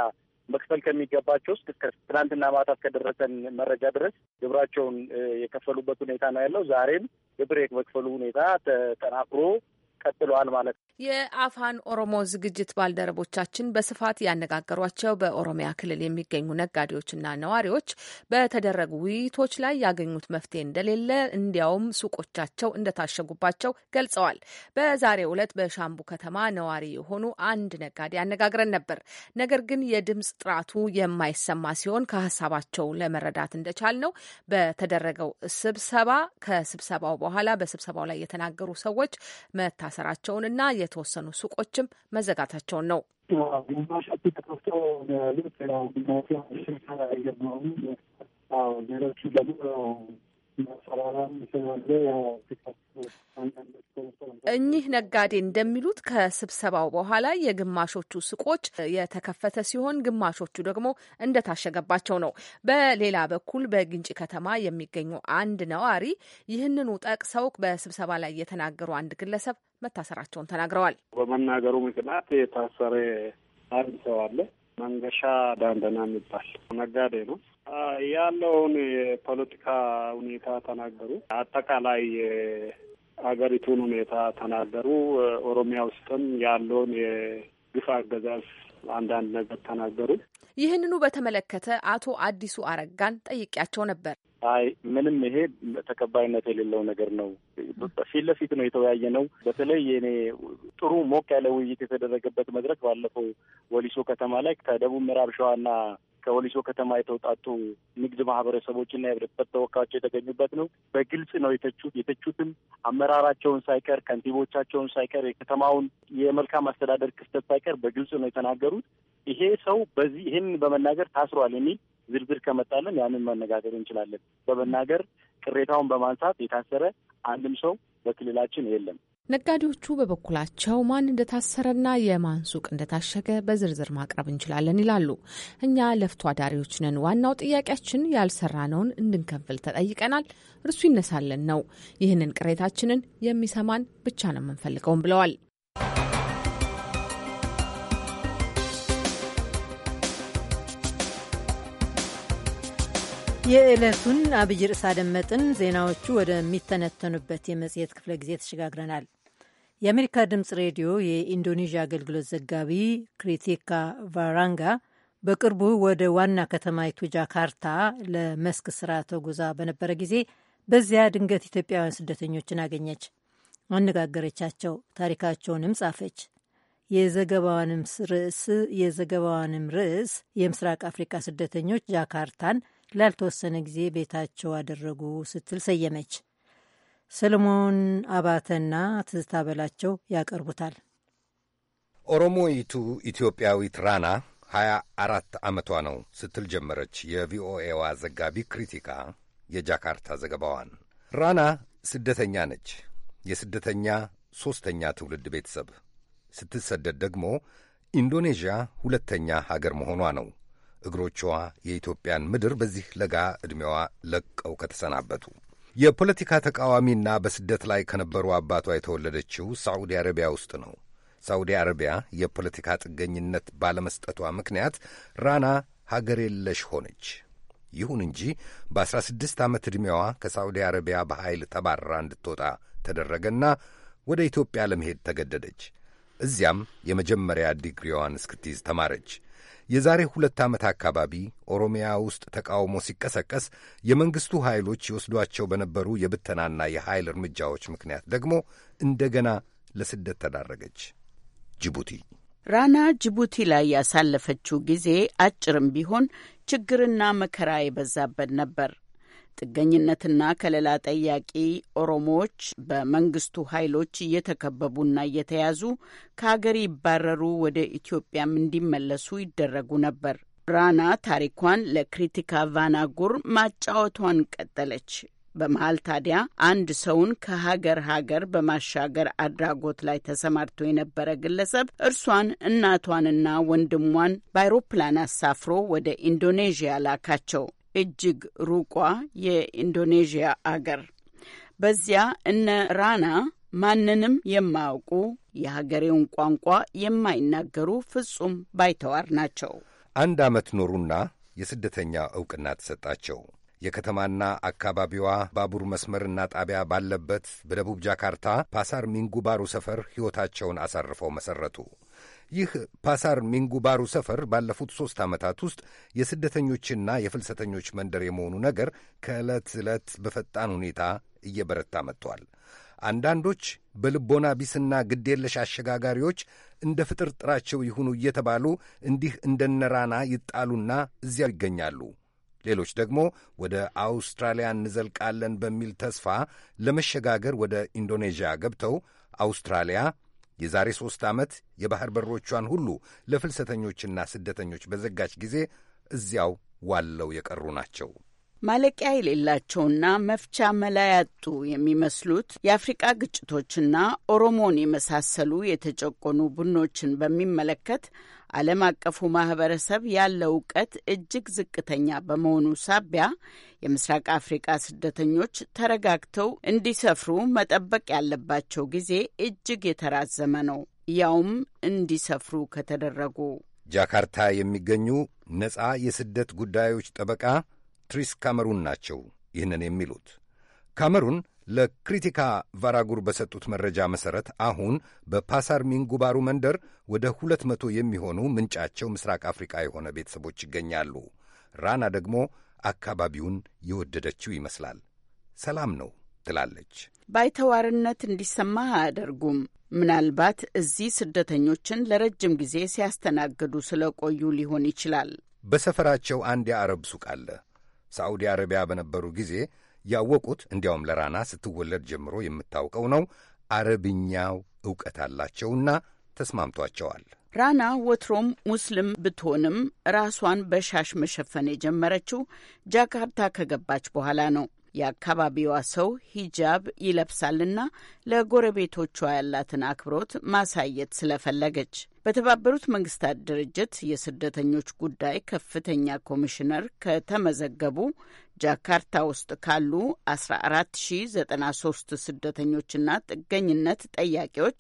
መክፈል ከሚገባቸው ውስጥ እስከ ትናንትና ማታ እስከደረሰን መረጃ ድረስ ግብራቸውን የከፈሉበት ሁኔታ ነው ያለው። ዛሬም ግብር የመክፈሉ ሁኔታ ተጠናክሮ ቀጥሏል ማለት ነው። የአፋን ኦሮሞ ዝግጅት ባልደረቦቻችን በስፋት ያነጋገሯቸው በኦሮሚያ ክልል የሚገኙ ነጋዴዎችና ነዋሪዎች በተደረጉ ውይይቶች ላይ ያገኙት መፍትሄ እንደሌለ እንዲያውም ሱቆቻቸው እንደታሸጉባቸው ገልጸዋል። በዛሬው ዕለት በሻምቡ ከተማ ነዋሪ የሆኑ አንድ ነጋዴ አነጋግረን ነበር። ነገር ግን የድምፅ ጥራቱ የማይሰማ ሲሆን ከሀሳባቸው ለመረዳት እንደቻል ነው በተደረገው ስብሰባ ከስብሰባው በኋላ በስብሰባው ላይ የተናገሩ ሰዎች መታ መታሰራቸውንና የተወሰኑ ሱቆችም መዘጋታቸውን ነው። እኚህ ነጋዴ እንደሚሉት ከስብሰባው በኋላ የግማሾቹ ሱቆች የተከፈተ ሲሆን ግማሾቹ ደግሞ እንደታሸገባቸው ነው። በሌላ በኩል በግንጭ ከተማ የሚገኙ አንድ ነዋሪ ይህንኑ ጠቅሰው በስብሰባ ላይ የተናገሩ አንድ ግለሰብ መታሰራቸውን ተናግረዋል። በመናገሩ ምክንያት የታሰረ አንድ ሰው አለ። መንገሻ ዳንደና የሚባል ነጋዴ ነው። ያለውን የፖለቲካ ሁኔታ ተናገሩ። አጠቃላይ የአገሪቱን ሁኔታ ተናገሩ። ኦሮሚያ ውስጥም ያለውን የግፍ አገዛዝ አንዳንድ ነገር ተናገሩ። ይህንኑ በተመለከተ አቶ አዲሱ አረጋን ጠይቄያቸው ነበር። አይ ምንም ይሄ ተቀባይነት የሌለው ነገር ነው። ፊት ለፊት ነው የተወያየ ነው። በተለይ የኔ ጥሩ ሞቅ ያለ ውይይት የተደረገበት መድረክ ባለፈው ወሊሶ ከተማ ላይ ከደቡብ ምዕራብ ሸዋና ከወሊሶ ከተማ የተውጣጡ ንግድ ማህበረሰቦችና የህብረተሰብ ተወካዮች የተገኙበት ነው። በግልጽ ነው የተቹት። የተቹትም አመራራቸውን ሳይቀር ከንቲቦቻቸውን ሳይቀር የከተማውን የመልካም አስተዳደር ክፍተት ሳይቀር በግልጽ ነው የተናገሩት። ይሄ ሰው በዚህ ይህን በመናገር ታስሯል የሚል ዝርዝር ከመጣለን ያንን መነጋገር እንችላለን። በመናገር ቅሬታውን በማንሳት የታሰረ አንድም ሰው በክልላችን የለም። ነጋዴዎቹ በበኩላቸው ማን እንደታሰረና የማን ሱቅ እንደታሸገ በዝርዝር ማቅረብ እንችላለን ይላሉ። እኛ ለፍቶ አዳሪዎች ነን። ዋናው ጥያቄያችን ያልሰራነውን እንድንከፍል ተጠይቀናል። እርሱ ይነሳለን ነው። ይህንን ቅሬታችንን የሚሰማን ብቻ ነው የምንፈልገውም ብለዋል። የዕለቱን አብይ ርዕስ አደመጥን። ዜናዎቹ ወደሚተነተኑበት የመጽሔት ክፍለ ጊዜ ተሸጋግረናል። የአሜሪካ ድምፅ ሬዲዮ የኢንዶኔዥያ አገልግሎት ዘጋቢ ክሪቲካ ቫራንጋ በቅርቡ ወደ ዋና ከተማይቱ ጃካርታ ለመስክ ስራ ተጉዛ በነበረ ጊዜ በዚያ ድንገት ኢትዮጵያውያን ስደተኞችን አገኘች፣ አነጋገረቻቸው፣ ታሪካቸውንም ጻፈች። የዘገባዋንም ርዕስ የዘገባዋንም ርዕስ የምስራቅ አፍሪካ ስደተኞች ጃካርታን ላልተወሰነ ጊዜ ቤታቸው አደረጉ ስትል ሰየመች። ሰለሞን አባተና ትዝታ በላቸው ያቀርቡታል። ኦሮሞይቱ ኢትዮጵያዊት ራና ሀያ አራት ዓመቷ ነው ስትል ጀመረች የቪኦኤዋ ዘጋቢ ክሪቲካ የጃካርታ ዘገባዋን። ራና ስደተኛ ነች። የስደተኛ ሦስተኛ ትውልድ ቤተሰብ ስትሰደድ ደግሞ ኢንዶኔዥያ ሁለተኛ ሀገር መሆኗ ነው። እግሮቿ የኢትዮጵያን ምድር በዚህ ለጋ ዕድሜዋ ለቀው ከተሰናበቱ የፖለቲካ ተቃዋሚና በስደት ላይ ከነበሩ አባቷ የተወለደችው ሳዑዲ አረቢያ ውስጥ ነው። ሳዑዲ አረቢያ የፖለቲካ ጥገኝነት ባለመስጠቷ ምክንያት ራና ሀገር የለሽ ሆነች። ይሁን እንጂ በ16 ዓመት ዕድሜዋ ከሳዑዲ አረቢያ በኃይል ተባራ እንድትወጣ ተደረገና ወደ ኢትዮጵያ ለመሄድ ተገደደች። እዚያም የመጀመሪያ ዲግሪዋን እስክትይዝ ተማረች። የዛሬ ሁለት ዓመት አካባቢ ኦሮሚያ ውስጥ ተቃውሞ ሲቀሰቀስ የመንግሥቱ ኃይሎች ይወስዷቸው በነበሩ የብተናና የኃይል እርምጃዎች ምክንያት ደግሞ እንደገና ለስደት ተዳረገች ጅቡቲ። ራና ጅቡቲ ላይ ያሳለፈችው ጊዜ አጭርም ቢሆን ችግርና መከራ የበዛበት ነበር። ጥገኝነትና ከለላ ጠያቂ ኦሮሞዎች በመንግስቱ ኃይሎች እየተከበቡና እየተያዙ ከሀገር ይባረሩ፣ ወደ ኢትዮጵያም እንዲመለሱ ይደረጉ ነበር። ራና ታሪኳን ለክሪቲካ ቫናጉር ማጫወቷን ቀጠለች። በመሀል ታዲያ አንድ ሰውን ከሀገር ሀገር በማሻገር አድራጎት ላይ ተሰማርቶ የነበረ ግለሰብ እርሷን እናቷንና ወንድሟን በአይሮፕላን አሳፍሮ ወደ ኢንዶኔዥያ ላካቸው። እጅግ ሩቋ የኢንዶኔዥያ አገር በዚያ እነ ራና ማንንም የማያውቁ የሀገሬውን ቋንቋ የማይናገሩ ፍጹም ባይተዋር ናቸው። አንድ ዓመት ኖሩና የስደተኛ ዕውቅና ተሰጣቸው። የከተማና አካባቢዋ ባቡር መስመርና ጣቢያ ባለበት በደቡብ ጃካርታ ፓሳር ሚንጉባሩ ሰፈር ሕይወታቸውን አሳርፈው መሠረቱ። ይህ ፓሳር ሚንጉባሩ ሰፈር ባለፉት ሦስት ዓመታት ውስጥ የስደተኞችና የፍልሰተኞች መንደር የመሆኑ ነገር ከዕለት ዕለት በፈጣን ሁኔታ እየበረታ መጥቷል። አንዳንዶች በልቦና ቢስና ግዴለሽ አሸጋጋሪዎች እንደ ፍጥርጥራቸው ይሁኑ እየተባሉ እንዲህ እንደነራና ይጣሉና እዚያው ይገኛሉ። ሌሎች ደግሞ ወደ አውስትራሊያ እንዘልቃለን በሚል ተስፋ ለመሸጋገር ወደ ኢንዶኔዥያ ገብተው አውስትራሊያ የዛሬ ሦስት ዓመት የባሕር በሮቿን ሁሉ ለፍልሰተኞችና ስደተኞች በዘጋች ጊዜ እዚያው ዋለው የቀሩ ናቸው። ማለቂያ የሌላቸውና መፍቻ መላ ያጡ የሚመስሉት የአፍሪቃ ግጭቶችና ኦሮሞን የመሳሰሉ የተጨቆኑ ቡድኖችን በሚመለከት ዓለም አቀፉ ማህበረሰብ ያለው እውቀት እጅግ ዝቅተኛ በመሆኑ ሳቢያ የምስራቅ አፍሪቃ ስደተኞች ተረጋግተው እንዲሰፍሩ መጠበቅ ያለባቸው ጊዜ እጅግ የተራዘመ ነው። ያውም እንዲሰፍሩ ከተደረጉ ጃካርታ የሚገኙ ነጻ የስደት ጉዳዮች ጠበቃ ትሪስ ካመሩን ናቸው። ይህንን የሚሉት ካመሩን ለክሪቲካ ቫራጉር በሰጡት መረጃ መሠረት አሁን በፓሳር ሚንጉባሩ መንደር ወደ ሁለት መቶ የሚሆኑ ምንጫቸው ምስራቅ አፍሪካ የሆነ ቤተሰቦች ይገኛሉ። ራና ደግሞ አካባቢውን የወደደችው ይመስላል። ሰላም ነው ትላለች። ባይተዋርነት እንዲሰማ አያደርጉም። ምናልባት እዚህ ስደተኞችን ለረጅም ጊዜ ሲያስተናግዱ ስለቆዩ ሊሆን ይችላል። በሰፈራቸው አንድ የአረብ ሱቅ አለ። ሳዑዲ አረቢያ በነበሩ ጊዜ ያወቁት እንዲያውም ለራና ስትወለድ ጀምሮ የምታውቀው ነው። አረብኛው እውቀት አላቸውና ተስማምቷቸዋል። ራና ወትሮም ሙስልም ብትሆንም ራሷን በሻሽ መሸፈን የጀመረችው ጃካርታ ከገባች በኋላ ነው። የአካባቢዋ ሰው ሂጃብ ይለብሳልና ለጎረቤቶቿ ያላትን አክብሮት ማሳየት ስለፈለገች በተባበሩት መንግስታት ድርጅት የስደተኞች ጉዳይ ከፍተኛ ኮሚሽነር ከተመዘገቡ ጃካርታ ውስጥ ካሉ 14093 ስደተኞችና ጥገኝነት ጠያቂዎች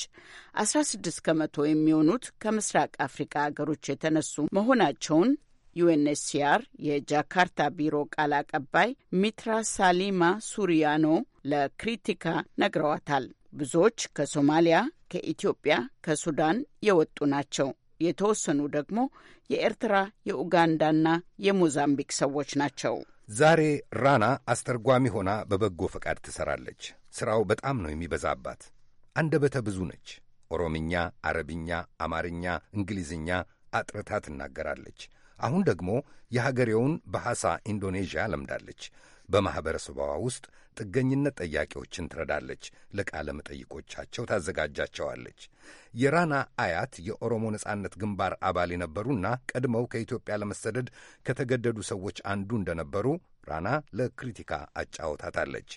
16 ከመቶ የሚሆኑት ከምስራቅ አፍሪካ ሀገሮች የተነሱ መሆናቸውን ዩኤንኤችሲአር የጃካርታ ቢሮ ቃል አቀባይ ሚትራ ሳሊማ ሱሪያኖ ለክሪቲካ ነግረዋታል። ብዙዎች ከሶማሊያ ከኢትዮጵያ፣ ከሱዳን የወጡ ናቸው። የተወሰኑ ደግሞ የኤርትራ፣ የኡጋንዳና የሞዛምቢክ ሰዎች ናቸው። ዛሬ ራና አስተርጓሚ ሆና በበጎ ፈቃድ ትሰራለች። ሥራው በጣም ነው የሚበዛባት። አንደበተ ብዙ ነች። ኦሮምኛ፣ አረብኛ፣ አማርኛ፣ እንግሊዝኛ አጥርታ ትናገራለች። አሁን ደግሞ የሀገሬውን በሐሳ ኢንዶኔዥያ ለምዳለች። በማኅበረሰቧ ውስጥ ጥገኝነት ጠያቂዎችን ትረዳለች፣ ለቃለ መጠይቆቻቸው ታዘጋጃቸዋለች። የራና አያት የኦሮሞ ነጻነት ግንባር አባል የነበሩና ቀድመው ከኢትዮጵያ ለመሰደድ ከተገደዱ ሰዎች አንዱ እንደነበሩ ራና ለክሪቲካ አጫውታታለች።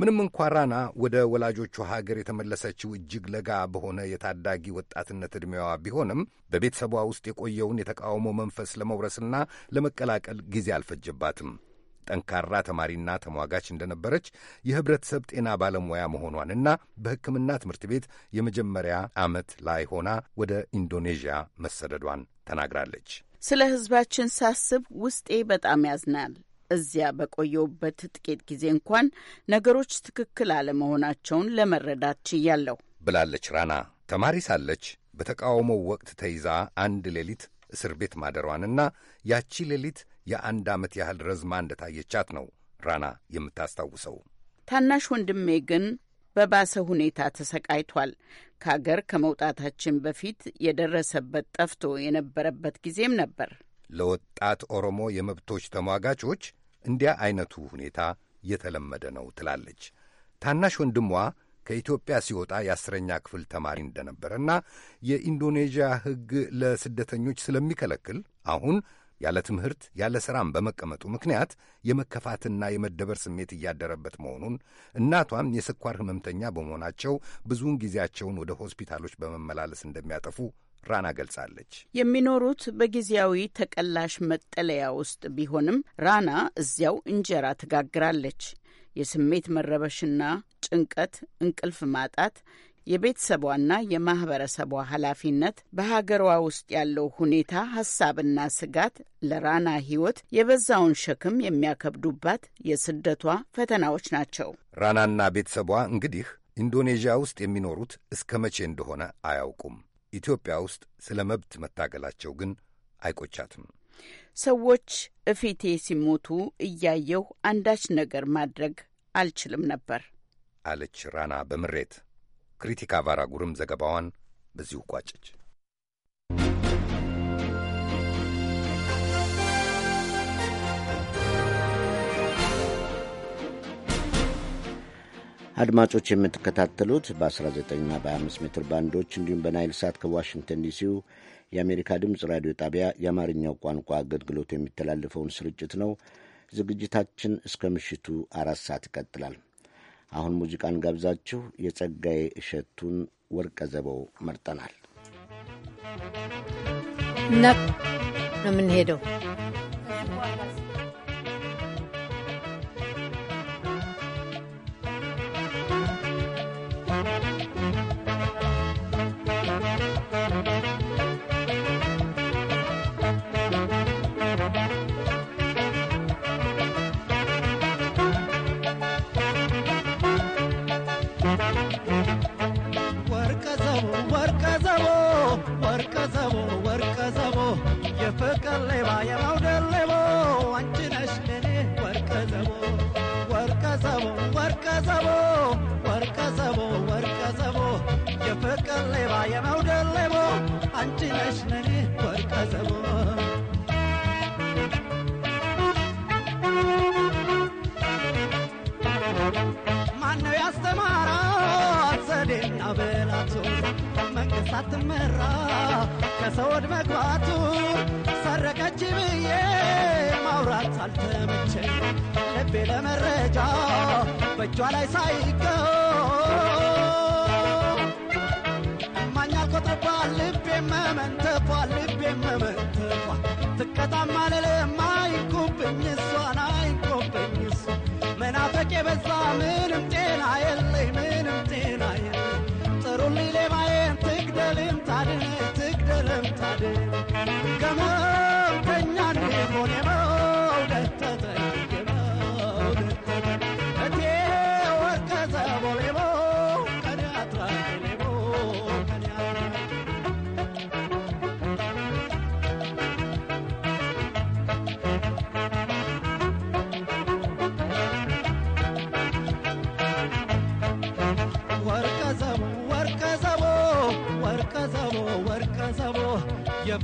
ምንም እንኳ ራና ወደ ወላጆቹ ሀገር የተመለሰችው እጅግ ለጋ በሆነ የታዳጊ ወጣትነት ዕድሜዋ ቢሆንም በቤተሰቧ ውስጥ የቆየውን የተቃውሞ መንፈስ ለመውረስና ለመቀላቀል ጊዜ አልፈጀባትም። ጠንካራ ተማሪና ተሟጋች እንደነበረች የህብረተሰብ ጤና ባለሙያ መሆኗንና በሕክምና ትምህርት ቤት የመጀመሪያ ዓመት ላይ ሆና ወደ ኢንዶኔዥያ መሰደዷን ተናግራለች። ስለ ህዝባችን ሳስብ ውስጤ በጣም ያዝናል። እዚያ በቆየውበት ጥቂት ጊዜ እንኳን ነገሮች ትክክል አለመሆናቸውን ለመረዳት ችያለሁ ብላለች ራና። ተማሪ ሳለች በተቃውሞው ወቅት ተይዛ አንድ ሌሊት እስር ቤት ማደሯንና ያቺ ሌሊት የአንድ ዓመት ያህል ረዝማ እንደታየቻት ነው ራና የምታስታውሰው። ታናሽ ወንድሜ ግን በባሰ ሁኔታ ተሰቃይቷል። ከአገር ከመውጣታችን በፊት የደረሰበት ጠፍቶ የነበረበት ጊዜም ነበር። ለወጣት ኦሮሞ የመብቶች ተሟጋቾች እንዲያ አይነቱ ሁኔታ የተለመደ ነው ትላለች። ታናሽ ወንድሟ ከኢትዮጵያ ሲወጣ የአስረኛ ክፍል ተማሪ እንደነበረና የኢንዶኔዥያ ሕግ ለስደተኞች ስለሚከለክል አሁን ያለ ትምህርት ያለ ሥራም በመቀመጡ ምክንያት የመከፋትና የመደበር ስሜት እያደረበት መሆኑን እናቷም የስኳር ህመምተኛ በመሆናቸው ብዙውን ጊዜያቸውን ወደ ሆስፒታሎች በመመላለስ እንደሚያጠፉ ራና ገልጻለች። የሚኖሩት በጊዜያዊ ተቀላሽ መጠለያ ውስጥ ቢሆንም ራና እዚያው እንጀራ ትጋግራለች። የስሜት መረበሽና ጭንቀት፣ እንቅልፍ ማጣት፣ የቤተሰቧና የማህበረሰቧ ኃላፊነት፣ በሀገሯ ውስጥ ያለው ሁኔታ ሀሳብና ስጋት ለራና ህይወት የበዛውን ሸክም የሚያከብዱባት የስደቷ ፈተናዎች ናቸው። ራናና ቤተሰቧ እንግዲህ ኢንዶኔዥያ ውስጥ የሚኖሩት እስከ መቼ እንደሆነ አያውቁም። ኢትዮጵያ ውስጥ ስለ መብት መታገላቸው ግን አይቆቻትም። ሰዎች እፊቴ ሲሞቱ እያየሁ አንዳች ነገር ማድረግ አልችልም ነበር አለች ራና በምሬት። ክሪቲካ ባራጉርም ዘገባዋን በዚሁ ቋጨች። አድማጮች የምትከታተሉት በ19ና በ25 ሜትር ባንዶች እንዲሁም በናይል ሳት ከዋሽንግተን ዲሲው የአሜሪካ ድምፅ ራዲዮ ጣቢያ የአማርኛው ቋንቋ አገልግሎት የሚተላለፈውን ስርጭት ነው። ዝግጅታችን እስከ ምሽቱ አራት ሰዓት ይቀጥላል። አሁን ሙዚቃን ጋብዛችሁ የጸጋዬ እሸቱን ወርቀ ዘበው መርጠናል። ነው የምንሄደው ማነው ያስተማራት ዘዴና በላቱ መንግስት አትመራ ከሰው ወድ መግባቱ ሰረቀች ብዬ ማውራት አልተመቼ ልቤ ለመረጃ በእጇ ላይ ሳይገው መንተፏል ልቤም መንተፏል ልቤም መንተፏል ትቀጣማለል አይንኩብኝ እሷን አይንኩብኝ እሷ የበዛ ምንም ጤና የለኝ ምንም ጤና የለኝ ጥሩልኝ ሌባዬን ትግደልም ታድን ትግደልም ታድን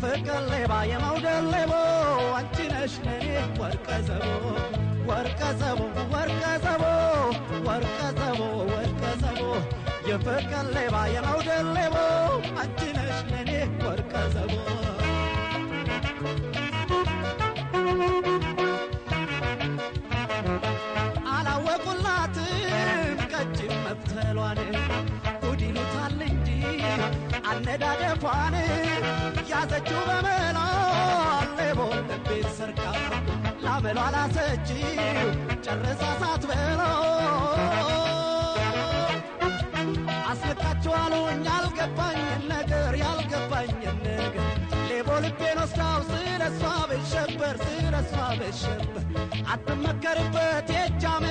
ፍቅር ሌባ የመውደድ ሌቦ አንቺ ነሽ ለኔ ወርቀ ዘቦ ወርቀ ዘቦ ወርቀ ዘቦ ወርቀ ዘቦ ወርቀ ዘቦ የፍቅር ሌባ የመውደድ ሌቦ አንቺ ነሽ ለኔ ወርቀ ዘቦ አላወቁላትም ቀጭን መብተሏን ጉድ ይሉታል እንጂ ላሰችው በመላ ሌቦን ሰርቃ ጨርሳ ያልገባኝ ነገር ያልገባኝ ነገር ሌቦ ልቤን ወስዳው ስለሷ ስለሷ አትመከርበት የጃሜ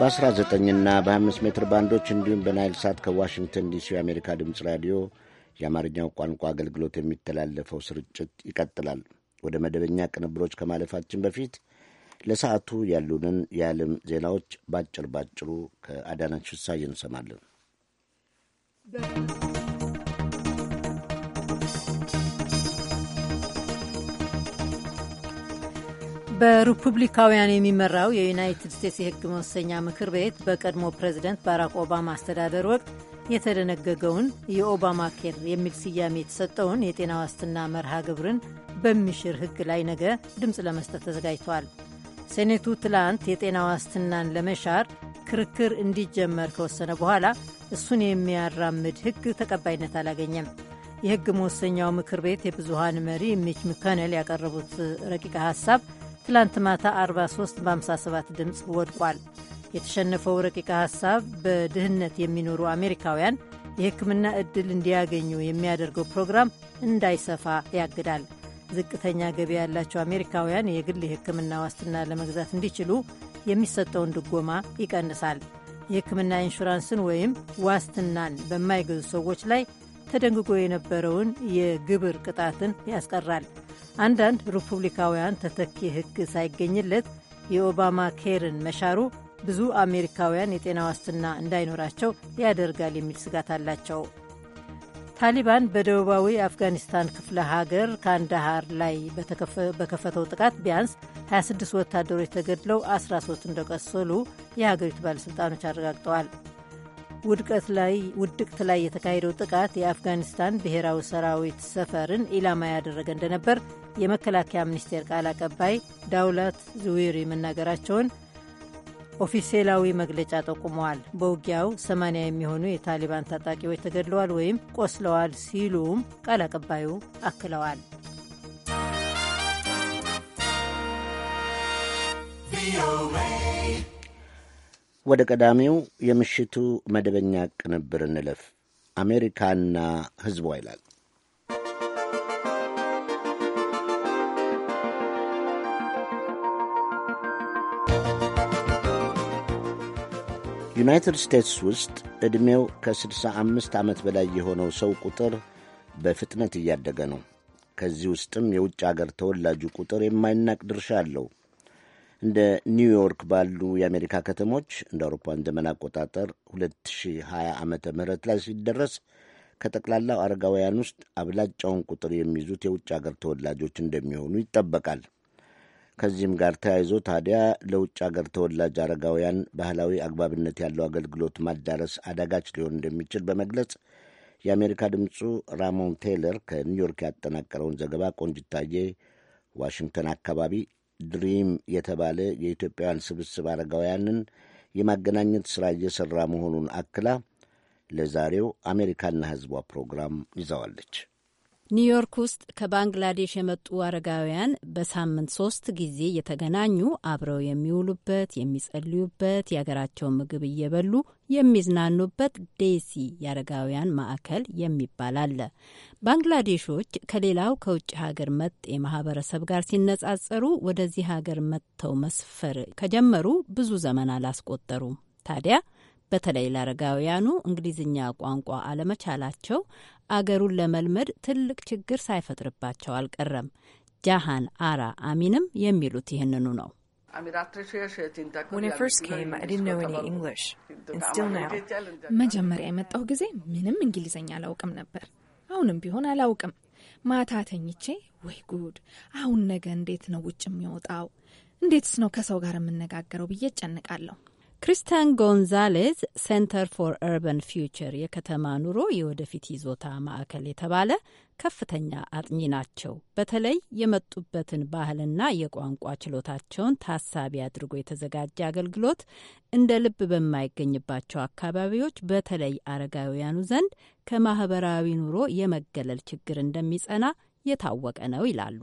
በ19ና በ5 ሜትር ባንዶች እንዲሁም በናይል ሳት ከዋሽንግተን ዲሲ የአሜሪካ ድምፅ ራዲዮ የአማርኛው ቋንቋ አገልግሎት የሚተላለፈው ስርጭት ይቀጥላል። ወደ መደበኛ ቅንብሮች ከማለፋችን በፊት ለሰዓቱ ያሉንን የዓለም ዜናዎች ባጭር ባጭሩ ከአዳነች ፍሳዬ እንሰማለን። በሪፑብሊካውያን የሚመራው የዩናይትድ ስቴትስ የህግ መወሰኛ ምክር ቤት በቀድሞ ፕሬዚደንት ባራክ ኦባማ አስተዳደር ወቅት የተደነገገውን የኦባማ ኬር የሚል ስያሜ የተሰጠውን የጤና ዋስትና መርሃ ግብርን በሚሽር ህግ ላይ ነገ ድምፅ ለመስጠት ተዘጋጅቷል። ሴኔቱ ትላንት የጤና ዋስትናን ለመሻር ክርክር እንዲጀመር ከወሰነ በኋላ እሱን የሚያራምድ ህግ ተቀባይነት አላገኘም። የህግ መወሰኛው ምክር ቤት የብዙሃን መሪ ሚች ምከነል ያቀረቡት ረቂቅ ሀሳብ ትላንት ማታ 43 በ57 ድምፅ ወድቋል። የተሸነፈው ረቂቅ ሐሳብ በድህነት የሚኖሩ አሜሪካውያን የሕክምና ዕድል እንዲያገኙ የሚያደርገው ፕሮግራም እንዳይሰፋ ያግዳል። ዝቅተኛ ገቢ ያላቸው አሜሪካውያን የግል የሕክምና ዋስትና ለመግዛት እንዲችሉ የሚሰጠውን ድጎማ ይቀንሳል። የሕክምና ኢንሹራንስን ወይም ዋስትናን በማይገዙ ሰዎች ላይ ተደንግጎ የነበረውን የግብር ቅጣትን ያስቀራል። አንዳንድ ሪፑብሊካውያን ተተኪ ሕግ ሳይገኝለት የኦባማ ኬርን መሻሩ ብዙ አሜሪካውያን የጤና ዋስትና እንዳይኖራቸው ያደርጋል የሚል ስጋት አላቸው። ታሊባን በደቡባዊ አፍጋኒስታን ክፍለ ሀገር ካንዳሃር ላይ በከፈተው ጥቃት ቢያንስ 26 ወታደሮች ተገድለው 13 እንደቆሰሉ የሀገሪቱ ባለሥልጣኖች አረጋግጠዋል። ውድቀት ላይ ውድቅት ላይ የተካሄደው ጥቃት የአፍጋኒስታን ብሔራዊ ሰራዊት ሰፈርን ኢላማ ያደረገ እንደነበር የመከላከያ ሚኒስቴር ቃል አቀባይ ዳውላት ዝዊሪ መናገራቸውን ኦፊሴላዊ መግለጫ ጠቁመዋል። በውጊያው ሰማንያ የሚሆኑ የታሊባን ታጣቂዎች ተገድለዋል ወይም ቆስለዋል ሲሉም ቃል አቀባዩ አክለዋል። ወደ ቀዳሚው የምሽቱ መደበኛ ቅንብር እንለፍ። አሜሪካና ሕዝቧ ይላል። ዩናይትድ ስቴትስ ውስጥ ዕድሜው ከ65 ዓመት በላይ የሆነው ሰው ቁጥር በፍጥነት እያደገ ነው። ከዚህ ውስጥም የውጭ አገር ተወላጁ ቁጥር የማይናቅ ድርሻ አለው። እንደ ኒውዮርክ ባሉ የአሜሪካ ከተሞች እንደ አውሮፓን ዘመን አቆጣጠር 2020 ዓ ምህረት ላይ ሲደረስ ከጠቅላላው አረጋውያን ውስጥ አብላጫውን ቁጥር የሚይዙት የውጭ አገር ተወላጆች እንደሚሆኑ ይጠበቃል። ከዚህም ጋር ተያይዞ ታዲያ ለውጭ አገር ተወላጅ አረጋውያን ባህላዊ አግባብነት ያለው አገልግሎት ማዳረስ አዳጋች ሊሆን እንደሚችል በመግለጽ የአሜሪካ ድምፁ ራሞን ቴይለር ከኒውዮርክ ያጠናቀረውን ዘገባ ቆንጅታዬ ዋሽንግተን አካባቢ ድሪም የተባለ የኢትዮጵያውያን ስብስብ አረጋውያንን የማገናኘት ሥራ እየሠራ መሆኑን አክላ ለዛሬው አሜሪካና ሕዝቧ ፕሮግራም ይዘዋለች። ኒውዮርክ ውስጥ ከባንግላዴሽ የመጡ አረጋውያን በሳምንት ሶስት ጊዜ እየተገናኙ አብረው የሚውሉበት፣ የሚጸልዩበት፣ የሀገራቸውን ምግብ እየበሉ የሚዝናኑበት ዴሲ የአረጋውያን ማዕከል የሚባል አለ። ባንግላዴሾች ከሌላው ከውጭ ሀገር መጤ ማህበረሰብ ጋር ሲነጻጸሩ ወደዚህ ሀገር መጥተው መስፈር ከጀመሩ ብዙ ዘመን አላስቆጠሩም። ታዲያ በተለይ ለአረጋውያኑ እንግሊዝኛ ቋንቋ አለመቻላቸው አገሩን ለመልመድ ትልቅ ችግር ሳይፈጥርባቸው አልቀረም። ጃሃን አራ አሚንም የሚሉት ይህንኑ ነው። መጀመሪያ የመጣሁ ጊዜ ምንም እንግሊዝኛ አላውቅም ነበር። አሁንም ቢሆን አላውቅም። ማታ ተኝቼ ወይ ጉድ፣ አሁን ነገ እንዴት ነው ውጭ የሚወጣው? እንዴትስ ነው ከሰው ጋር የምነጋገረው ብዬ እጨንቃለሁ። ክሪስቲያን ጎንዛሌዝ ሴንተር ፎር እርበን ፊውቸር የከተማ ኑሮ የወደፊት ይዞታ ማዕከል የተባለ ከፍተኛ አጥኚ ናቸው። በተለይ የመጡበትን ባህልና የቋንቋ ችሎታቸውን ታሳቢ አድርጎ የተዘጋጀ አገልግሎት እንደ ልብ በማይገኝባቸው አካባቢዎች በተለይ አረጋውያኑ ዘንድ ከማህበራዊ ኑሮ የመገለል ችግር እንደሚጸና የታወቀ ነው ይላሉ።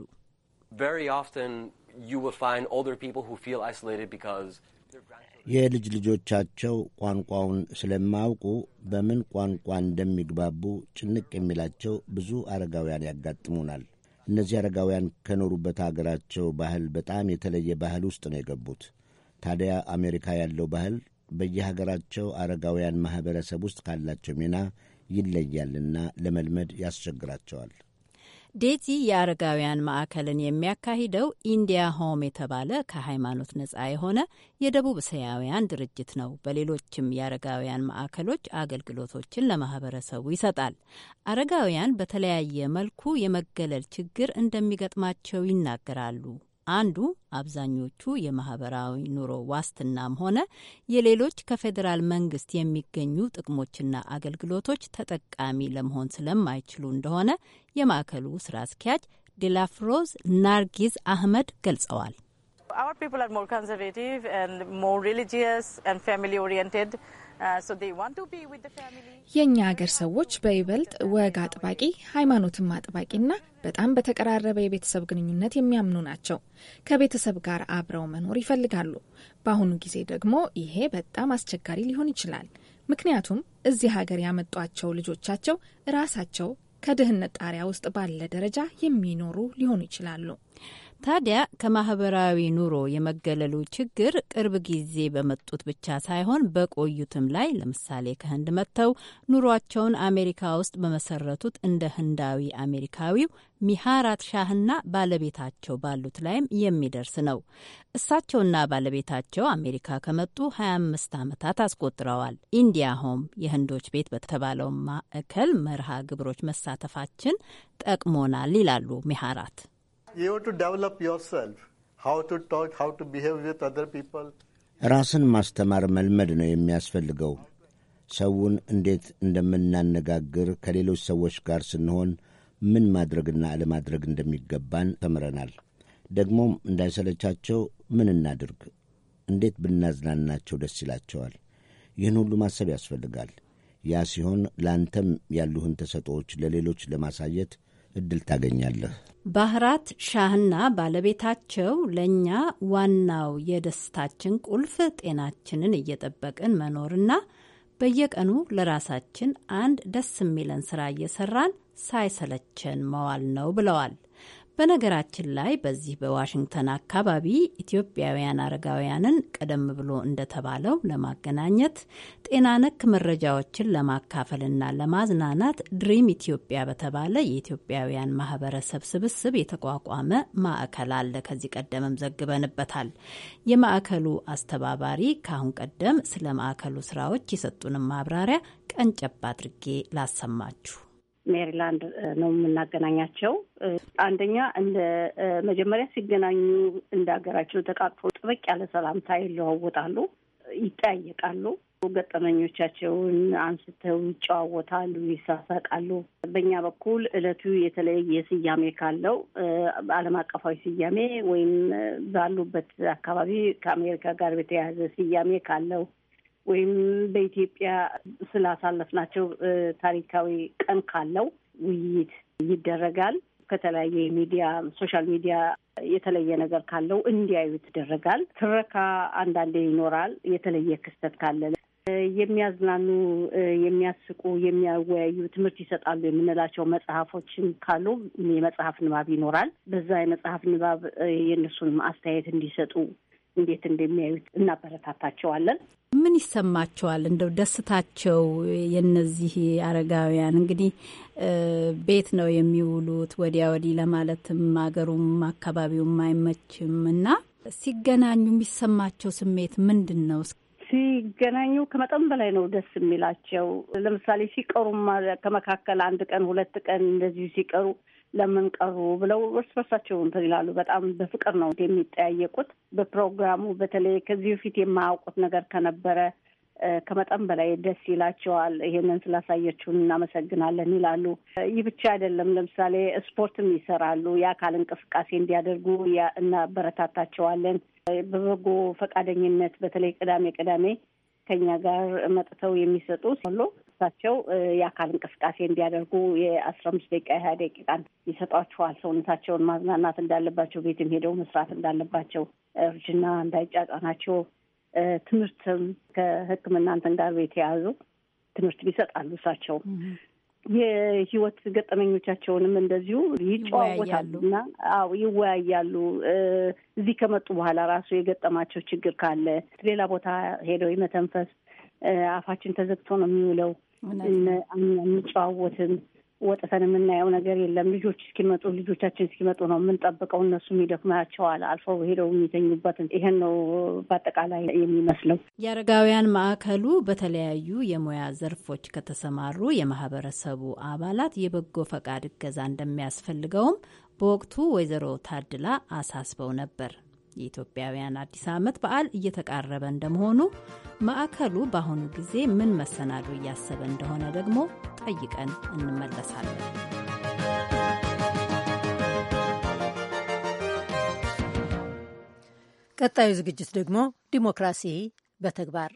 የልጅ ልጆቻቸው ቋንቋውን ስለማያውቁ በምን ቋንቋ እንደሚግባቡ ጭንቅ የሚላቸው ብዙ አረጋውያን ያጋጥሙናል። እነዚህ አረጋውያን ከኖሩበት አገራቸው ባህል በጣም የተለየ ባህል ውስጥ ነው የገቡት። ታዲያ አሜሪካ ያለው ባህል በየሀገራቸው አረጋውያን ማኅበረሰብ ውስጥ ካላቸው ሚና ይለያልና ለመልመድ ያስቸግራቸዋል። ዴዚ የአረጋውያን ማዕከልን የሚያካሂደው ኢንዲያ ሆም የተባለ ከሃይማኖት ነጻ የሆነ የደቡብ እስያውያን ድርጅት ነው። በሌሎችም የአረጋውያን ማዕከሎች አገልግሎቶችን ለማህበረሰቡ ይሰጣል። አረጋውያን በተለያየ መልኩ የመገለል ችግር እንደሚገጥማቸው ይናገራሉ። አንዱ አብዛኞቹ የማህበራዊ ኑሮ ዋስትናም ሆነ የሌሎች ከፌዴራል መንግስት የሚገኙ ጥቅሞችና አገልግሎቶች ተጠቃሚ ለመሆን ስለማይችሉ እንደሆነ የማዕከሉ ስራ አስኪያጅ ዲላፍሮዝ ናርጊዝ አህመድ ገልጸዋል። Our people are more conservative and more religious and family oriented. Uh, የእኛ ሀገር ሰዎች በይበልጥ ወግ አጥባቂ፣ ሃይማኖትም አጥባቂና በጣም በተቀራረበ የቤተሰብ ግንኙነት የሚያምኑ ናቸው። ከቤተሰብ ጋር አብረው መኖር ይፈልጋሉ። በአሁኑ ጊዜ ደግሞ ይሄ በጣም አስቸጋሪ ሊሆን ይችላል። ምክንያቱም እዚህ ሀገር ያመጧቸው ልጆቻቸው ራሳቸው ከድህነት ጣሪያ ውስጥ ባለ ደረጃ የሚኖሩ ሊሆኑ ይችላሉ። ታዲያ ከማህበራዊ ኑሮ የመገለሉ ችግር ቅርብ ጊዜ በመጡት ብቻ ሳይሆን በቆዩትም ላይ ለምሳሌ ከህንድ መጥተው ኑሯቸውን አሜሪካ ውስጥ በመሰረቱት እንደ ህንዳዊ አሜሪካዊው ሚሃራት ሻህና ባለቤታቸው ባሉት ላይም የሚደርስ ነው። እሳቸውና ባለቤታቸው አሜሪካ ከመጡ 25 ዓመታት አስቆጥረዋል። ኢንዲያ ሆም የህንዶች ቤት በተባለው ማዕከል መርሃ ግብሮች መሳተፋችን ጠቅሞናል ይላሉ ሚሃራት። ራስን ማስተማር መልመድ ነው የሚያስፈልገው። ሰውን እንዴት እንደምናነጋግር ከሌሎች ሰዎች ጋር ስንሆን ምን ማድረግና አለማድረግ እንደሚገባን ተምረናል። ደግሞም እንዳይሰለቻቸው ምን እናድርግ፣ እንዴት ብናዝናናቸው ደስ ይላቸዋል። ይህን ሁሉ ማሰብ ያስፈልጋል። ያ ሲሆን ለአንተም ያሉህን ተሰጥኦዎች ለሌሎች ለማሳየት እድል ታገኛለህ። ባህራት ሻህና ባለቤታቸው ለእኛ ዋናው የደስታችን ቁልፍ ጤናችንን እየጠበቅን መኖርና በየቀኑ ለራሳችን አንድ ደስ የሚለን ስራ እየሰራን ሳይሰለቸን መዋል ነው ብለዋል። በነገራችን ላይ በዚህ በዋሽንግተን አካባቢ ኢትዮጵያውያን አረጋውያንን ቀደም ብሎ እንደተባለው ለማገናኘት ጤና ነክ መረጃዎችን ለማካፈልና ለማዝናናት ድሪም ኢትዮጵያ በተባለ የኢትዮጵያውያን ማህበረሰብ ስብስብ የተቋቋመ ማዕከል አለ። ከዚህ ቀደምም ዘግበንበታል። የማዕከሉ አስተባባሪ ከአሁን ቀደም ስለ ማዕከሉ ስራዎች የሰጡንም ማብራሪያ ቀንጨብ አድርጌ ላሰማችሁ። ሜሪላንድ ነው የምናገናኛቸው። አንደኛ እንደ መጀመሪያ ሲገናኙ እንደ ሀገራቸው ተቃቅፎ ጥበቅ ያለ ሰላምታ ይለዋወጣሉ፣ ይጠያየቃሉ። ገጠመኞቻቸውን አንስተው ይጨዋወታሉ፣ ይሳሳቃሉ። በእኛ በኩል እለቱ የተለየ ስያሜ ካለው ዓለም አቀፋዊ ስያሜ ወይም ባሉበት አካባቢ ከአሜሪካ ጋር በተያያዘ ስያሜ ካለው ወይም በኢትዮጵያ ስላሳለፍናቸው ታሪካዊ ቀን ካለው ውይይት ይደረጋል። ከተለያየ ሚዲያ ሶሻል ሚዲያ የተለየ ነገር ካለው እንዲያዩ ይደረጋል። ትረካ አንዳንዴ ይኖራል። የተለየ ክስተት ካለ የሚያዝናኑ፣ የሚያስቁ፣ የሚያወያዩ ትምህርት ይሰጣሉ የምንላቸው መጽሐፎችን ካሉ የመጽሐፍ ንባብ ይኖራል። በዛ የመጽሐፍ ንባብ የእነሱን አስተያየት እንዲሰጡ እንዴት እንደሚያዩት እናበረታታቸዋለን። ምን ይሰማቸዋል? እንደው ደስታቸው የነዚህ አረጋውያን እንግዲህ ቤት ነው የሚውሉት፣ ወዲያ ወዲህ ለማለትም አገሩም አካባቢውም አይመችም እና ሲገናኙ የሚሰማቸው ስሜት ምንድን ነው? ሲገናኙ ከመጠን በላይ ነው ደስ የሚላቸው። ለምሳሌ ሲቀሩ ከመካከል አንድ ቀን ሁለት ቀን እንደዚሁ ሲቀሩ ለምን ቀሩ ብለው እርስ በርሳቸው እንትን ይላሉ። በጣም በፍቅር ነው የሚጠያየቁት። በፕሮግራሙ በተለይ ከዚህ በፊት የማያውቁት ነገር ከነበረ ከመጠን በላይ ደስ ይላቸዋል። ይሄንን ስላሳየችውን እናመሰግናለን ይላሉ። ይህ ብቻ አይደለም። ለምሳሌ ስፖርትም ይሰራሉ። የአካል እንቅስቃሴ እንዲያደርጉ እናበረታታቸዋለን። በበጎ ፈቃደኝነት በተለይ ቅዳሜ ቅዳሜ ከኛ ጋር መጥተው የሚሰጡ ሎ እሳቸው የአካል እንቅስቃሴ እንዲያደርጉ የአስራ አምስት ደቂቃ ሀያ ደቂቃን ይሰጧቸዋል። ሰውነታቸውን ማዝናናት እንዳለባቸው፣ ቤትም ሄደው መስራት እንዳለባቸው፣ እርጅና እንዳይጫጫናቸው ትምህርትም ከሕክምና እንትን ጋር የተያያዙ ትምህርት ይሰጣሉ እሳቸው የህይወት ገጠመኞቻቸውንም እንደዚሁ ይጨዋወታሉ እና አዎ ይወያያሉ። እዚህ ከመጡ በኋላ ራሱ የገጠማቸው ችግር ካለ ሌላ ቦታ ሄደው የመተንፈስ አፋችን ተዘግቶ ነው የሚውለው አንጨዋወትም ወጥተን የምናየው ነገር የለም። ልጆች እስኪመጡ ልጆቻችን እስኪመጡ ነው የምንጠብቀው። እነሱ የሚደክማቸዋል አልፈው ሄደው የሚተኙበት ይሄን ነው በአጠቃላይ የሚመስለው። የአረጋውያን ማዕከሉ በተለያዩ የሙያ ዘርፎች ከተሰማሩ የማህበረሰቡ አባላት የበጎ ፈቃድ እገዛ እንደሚያስፈልገውም በወቅቱ ወይዘሮ ታድላ አሳስበው ነበር። የኢትዮጵያውያን አዲስ ዓመት በዓል እየተቃረበ እንደመሆኑ ማዕከሉ በአሁኑ ጊዜ ምን መሰናዶ እያሰበ እንደሆነ ደግሞ ጠይቀን እንመለሳለን። ቀጣዩ ዝግጅት ደግሞ ዲሞክራሲ በተግባር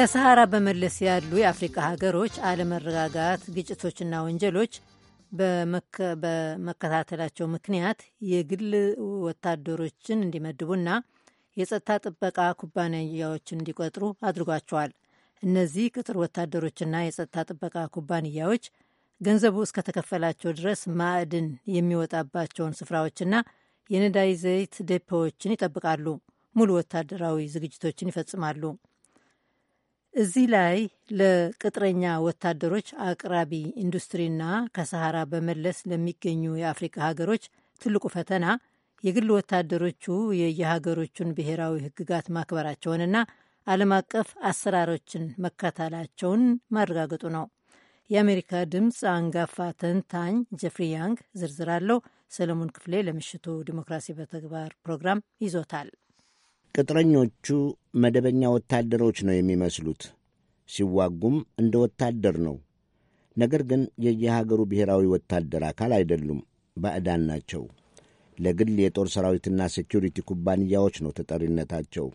ከሰሃራ በመለስ ያሉ የአፍሪካ ሀገሮች አለመረጋጋት፣ ግጭቶችና ወንጀሎች በመከታተላቸው ምክንያት የግል ወታደሮችን እንዲመድቡና የጸጥታ ጥበቃ ኩባንያዎችን እንዲቆጥሩ አድርጓቸዋል። እነዚህ ቅጥር ወታደሮችና የጸጥታ ጥበቃ ኩባንያዎች ገንዘቡ እስከተከፈላቸው ድረስ ማዕድን የሚወጣባቸውን ስፍራዎችና የነዳጅ ዘይት ዴፖዎችን ይጠብቃሉ። ሙሉ ወታደራዊ ዝግጅቶችን ይፈጽማሉ። እዚህ ላይ ለቅጥረኛ ወታደሮች አቅራቢ ኢንዱስትሪና ከሰሃራ በመለስ ለሚገኙ የአፍሪካ ሀገሮች ትልቁ ፈተና የግል ወታደሮቹ የየሀገሮቹን ብሔራዊ ሕግጋት ማክበራቸውንና ዓለም አቀፍ አሰራሮችን መከተላቸውን ማረጋገጡ ነው። የአሜሪካ ድምፅ አንጋፋ ተንታኝ ጀፍሪ ያንግ ዝርዝር አለው። ሰለሞን ክፍሌ ለምሽቱ ዲሞክራሲ በተግባር ፕሮግራም ይዞታል። ቅጥረኞቹ መደበኛ ወታደሮች ነው የሚመስሉት። ሲዋጉም እንደ ወታደር ነው። ነገር ግን የየሀገሩ ብሔራዊ ወታደር አካል አይደሉም፣ ባዕዳን ናቸው። ለግል የጦር ሰራዊትና ሴኪሪቲ ኩባንያዎች ነው ተጠሪነታቸው።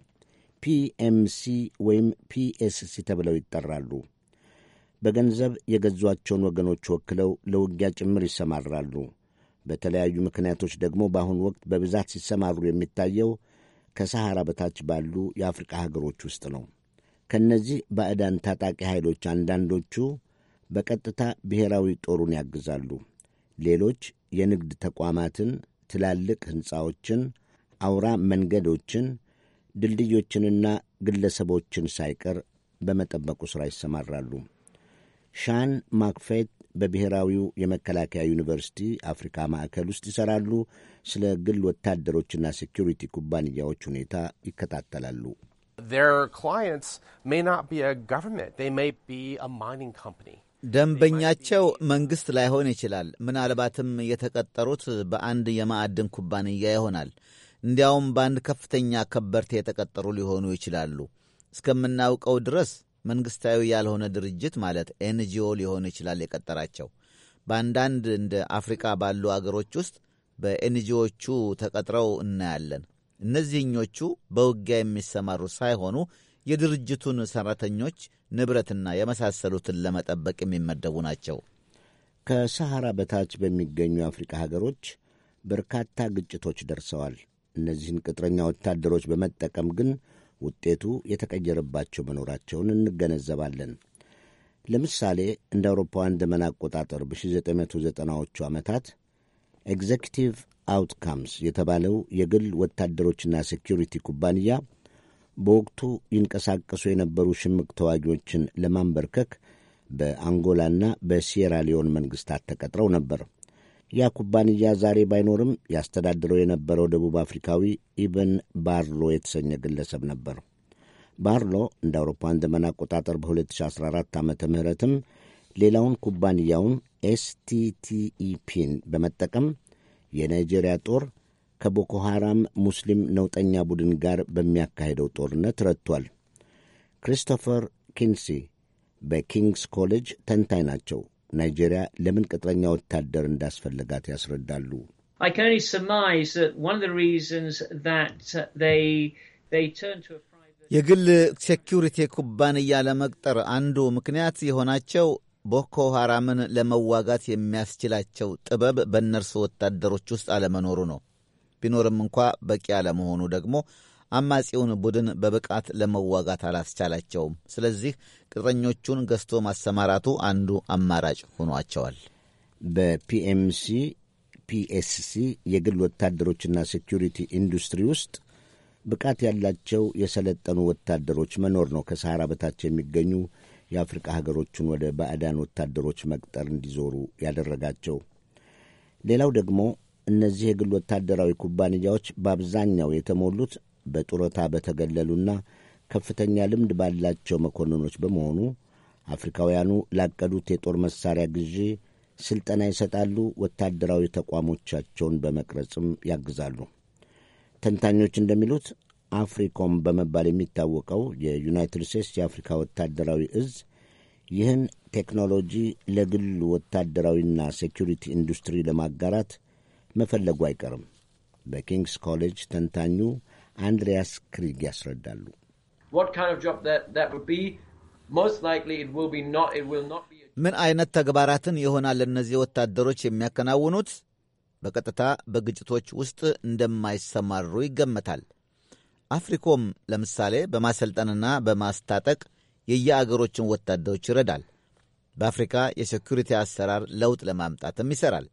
ፒኤምሲ ወይም ፒኤስሲ ተብለው ይጠራሉ። በገንዘብ የገዟቸውን ወገኖች ወክለው ለውጊያ ጭምር ይሰማራሉ። በተለያዩ ምክንያቶች ደግሞ በአሁኑ ወቅት በብዛት ሲሰማሩ የሚታየው ከሰሐራ በታች ባሉ የአፍሪቃ ሀገሮች ውስጥ ነው። ከእነዚህ ባዕዳን ታጣቂ ኃይሎች አንዳንዶቹ በቀጥታ ብሔራዊ ጦሩን ያግዛሉ። ሌሎች የንግድ ተቋማትን፣ ትላልቅ ሕንፃዎችን፣ አውራ መንገዶችን፣ ድልድዮችንና ግለሰቦችን ሳይቀር በመጠበቁ ሥራ ይሰማራሉ። ሻን ማክፌት በብሔራዊው የመከላከያ ዩኒቨርሲቲ አፍሪካ ማዕከል ውስጥ ይሠራሉ። ስለ ግል ወታደሮችና ሴኪሪቲ ኩባንያዎች ሁኔታ ይከታተላሉ። ደንበኛቸው መንግሥት ላይሆን ይችላል። ምናልባትም የተቀጠሩት በአንድ የማዕድን ኩባንያ ይሆናል። እንዲያውም በአንድ ከፍተኛ ከበርቴ የተቀጠሩ ሊሆኑ ይችላሉ። እስከምናውቀው ድረስ መንግስታዊ ያልሆነ ድርጅት ማለት ኤንጂኦ ሊሆን ይችላል የቀጠራቸው። በአንዳንድ እንደ አፍሪካ ባሉ አገሮች ውስጥ በኤንጂኦቹ ተቀጥረው እናያለን። እነዚህኞቹ በውጊያ የሚሰማሩ ሳይሆኑ የድርጅቱን ሠራተኞች ንብረትና የመሳሰሉትን ለመጠበቅ የሚመደቡ ናቸው። ከሰሐራ በታች በሚገኙ የአፍሪካ ሀገሮች በርካታ ግጭቶች ደርሰዋል። እነዚህን ቅጥረኛ ወታደሮች በመጠቀም ግን ውጤቱ የተቀየረባቸው መኖራቸውን እንገነዘባለን። ለምሳሌ እንደ አውሮፓውያን ዘመን አቆጣጠር በ1990ዎቹ ዓመታት ኤግዜክቲቭ አውትካምስ የተባለው የግል ወታደሮችና ሴኪሪቲ ኩባንያ በወቅቱ ይንቀሳቀሱ የነበሩ ሽምቅ ተዋጊዎችን ለማንበርከክ በአንጎላና በሲየራሊዮን መንግሥታት ተቀጥረው ነበር። ያ ኩባንያ ዛሬ ባይኖርም ያስተዳድረው የነበረው ደቡብ አፍሪካዊ ኢብን ባርሎ የተሰኘ ግለሰብ ነበር። ባርሎ እንደ አውሮፓን ዘመን አቆጣጠር በ2014 ዓ ምህረትም ሌላውን ኩባንያውን ኤስቲቲኢፒን በመጠቀም የናይጄሪያ ጦር ከቦኮ ሐራም ሙስሊም ነውጠኛ ቡድን ጋር በሚያካሄደው ጦርነት ረድቷል። ክሪስቶፈር ኪንሲ በኪንግስ ኮሌጅ ተንታኝ ናቸው። ናይጄሪያ ለምን ቅጥረኛ ወታደር እንዳስፈለጋት ያስረዳሉ። የግል ሴኪሪቲ ኩባንያ ለመቅጠር አንዱ ምክንያት የሆናቸው ቦኮ ሐራምን ለመዋጋት የሚያስችላቸው ጥበብ በእነርሱ ወታደሮች ውስጥ አለመኖሩ ነው። ቢኖርም እንኳ በቂ አለመሆኑ ደግሞ አማጺውን ቡድን በብቃት ለመዋጋት አላስቻላቸውም። ስለዚህ ቅጥረኞቹን ገዝቶ ማሰማራቱ አንዱ አማራጭ ሆኗቸዋል። በፒኤምሲ ፒኤስሲ የግል ወታደሮችና ሴኪሪቲ ኢንዱስትሪ ውስጥ ብቃት ያላቸው የሰለጠኑ ወታደሮች መኖር ነው ከሰሐራ በታች የሚገኙ የአፍሪቃ ሀገሮችን ወደ ባዕዳን ወታደሮች መቅጠር እንዲዞሩ ያደረጋቸው። ሌላው ደግሞ እነዚህ የግል ወታደራዊ ኩባንያዎች በአብዛኛው የተሞሉት በጡረታ በተገለሉና ከፍተኛ ልምድ ባላቸው መኮንኖች በመሆኑ አፍሪካውያኑ ላቀዱት የጦር መሳሪያ ግዢ ስልጠና ይሰጣሉ። ወታደራዊ ተቋሞቻቸውን በመቅረጽም ያግዛሉ። ተንታኞች እንደሚሉት አፍሪኮም በመባል የሚታወቀው የዩናይትድ ስቴትስ የአፍሪካ ወታደራዊ እዝ ይህን ቴክኖሎጂ ለግል ወታደራዊና ሴኪሪቲ ኢንዱስትሪ ለማጋራት መፈለጉ አይቀርም። በኪንግስ ኮሌጅ ተንታኙ አንድሪያስ ክሪግ ያስረዳሉ። ምን አይነት ተግባራትን ይሆናል እነዚህ ወታደሮች የሚያከናውኑት? በቀጥታ በግጭቶች ውስጥ እንደማይሰማሩ ይገመታል። አፍሪኮም ለምሳሌ በማሰልጠንና በማስታጠቅ የየአገሮችን ወታደሮች ይረዳል። በአፍሪካ የሴኩሪቲ አሰራር ለውጥ ለማምጣትም ይሠራል።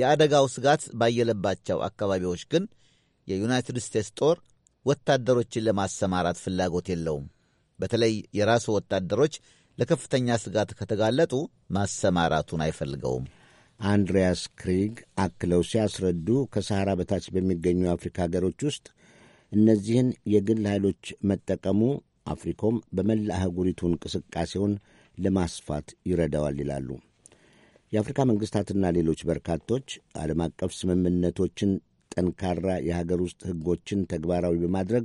የአደጋው ስጋት ባየለባቸው አካባቢዎች ግን የዩናይትድ ስቴትስ ጦር ወታደሮችን ለማሰማራት ፍላጎት የለውም። በተለይ የራሱ ወታደሮች ለከፍተኛ ስጋት ከተጋለጡ ማሰማራቱን አይፈልገውም። አንድሪያስ ክሪግ አክለው ሲያስረዱ ከሰሐራ በታች በሚገኙ የአፍሪካ ሀገሮች ውስጥ እነዚህን የግል ኃይሎች መጠቀሙ አፍሪኮም በመላ አህጉሪቱ እንቅስቃሴውን ለማስፋት ይረዳዋል ይላሉ። የአፍሪካ መንግሥታትና ሌሎች በርካቶች ዓለም አቀፍ ስምምነቶችን ጠንካራ የሀገር ውስጥ ሕጎችን ተግባራዊ በማድረግ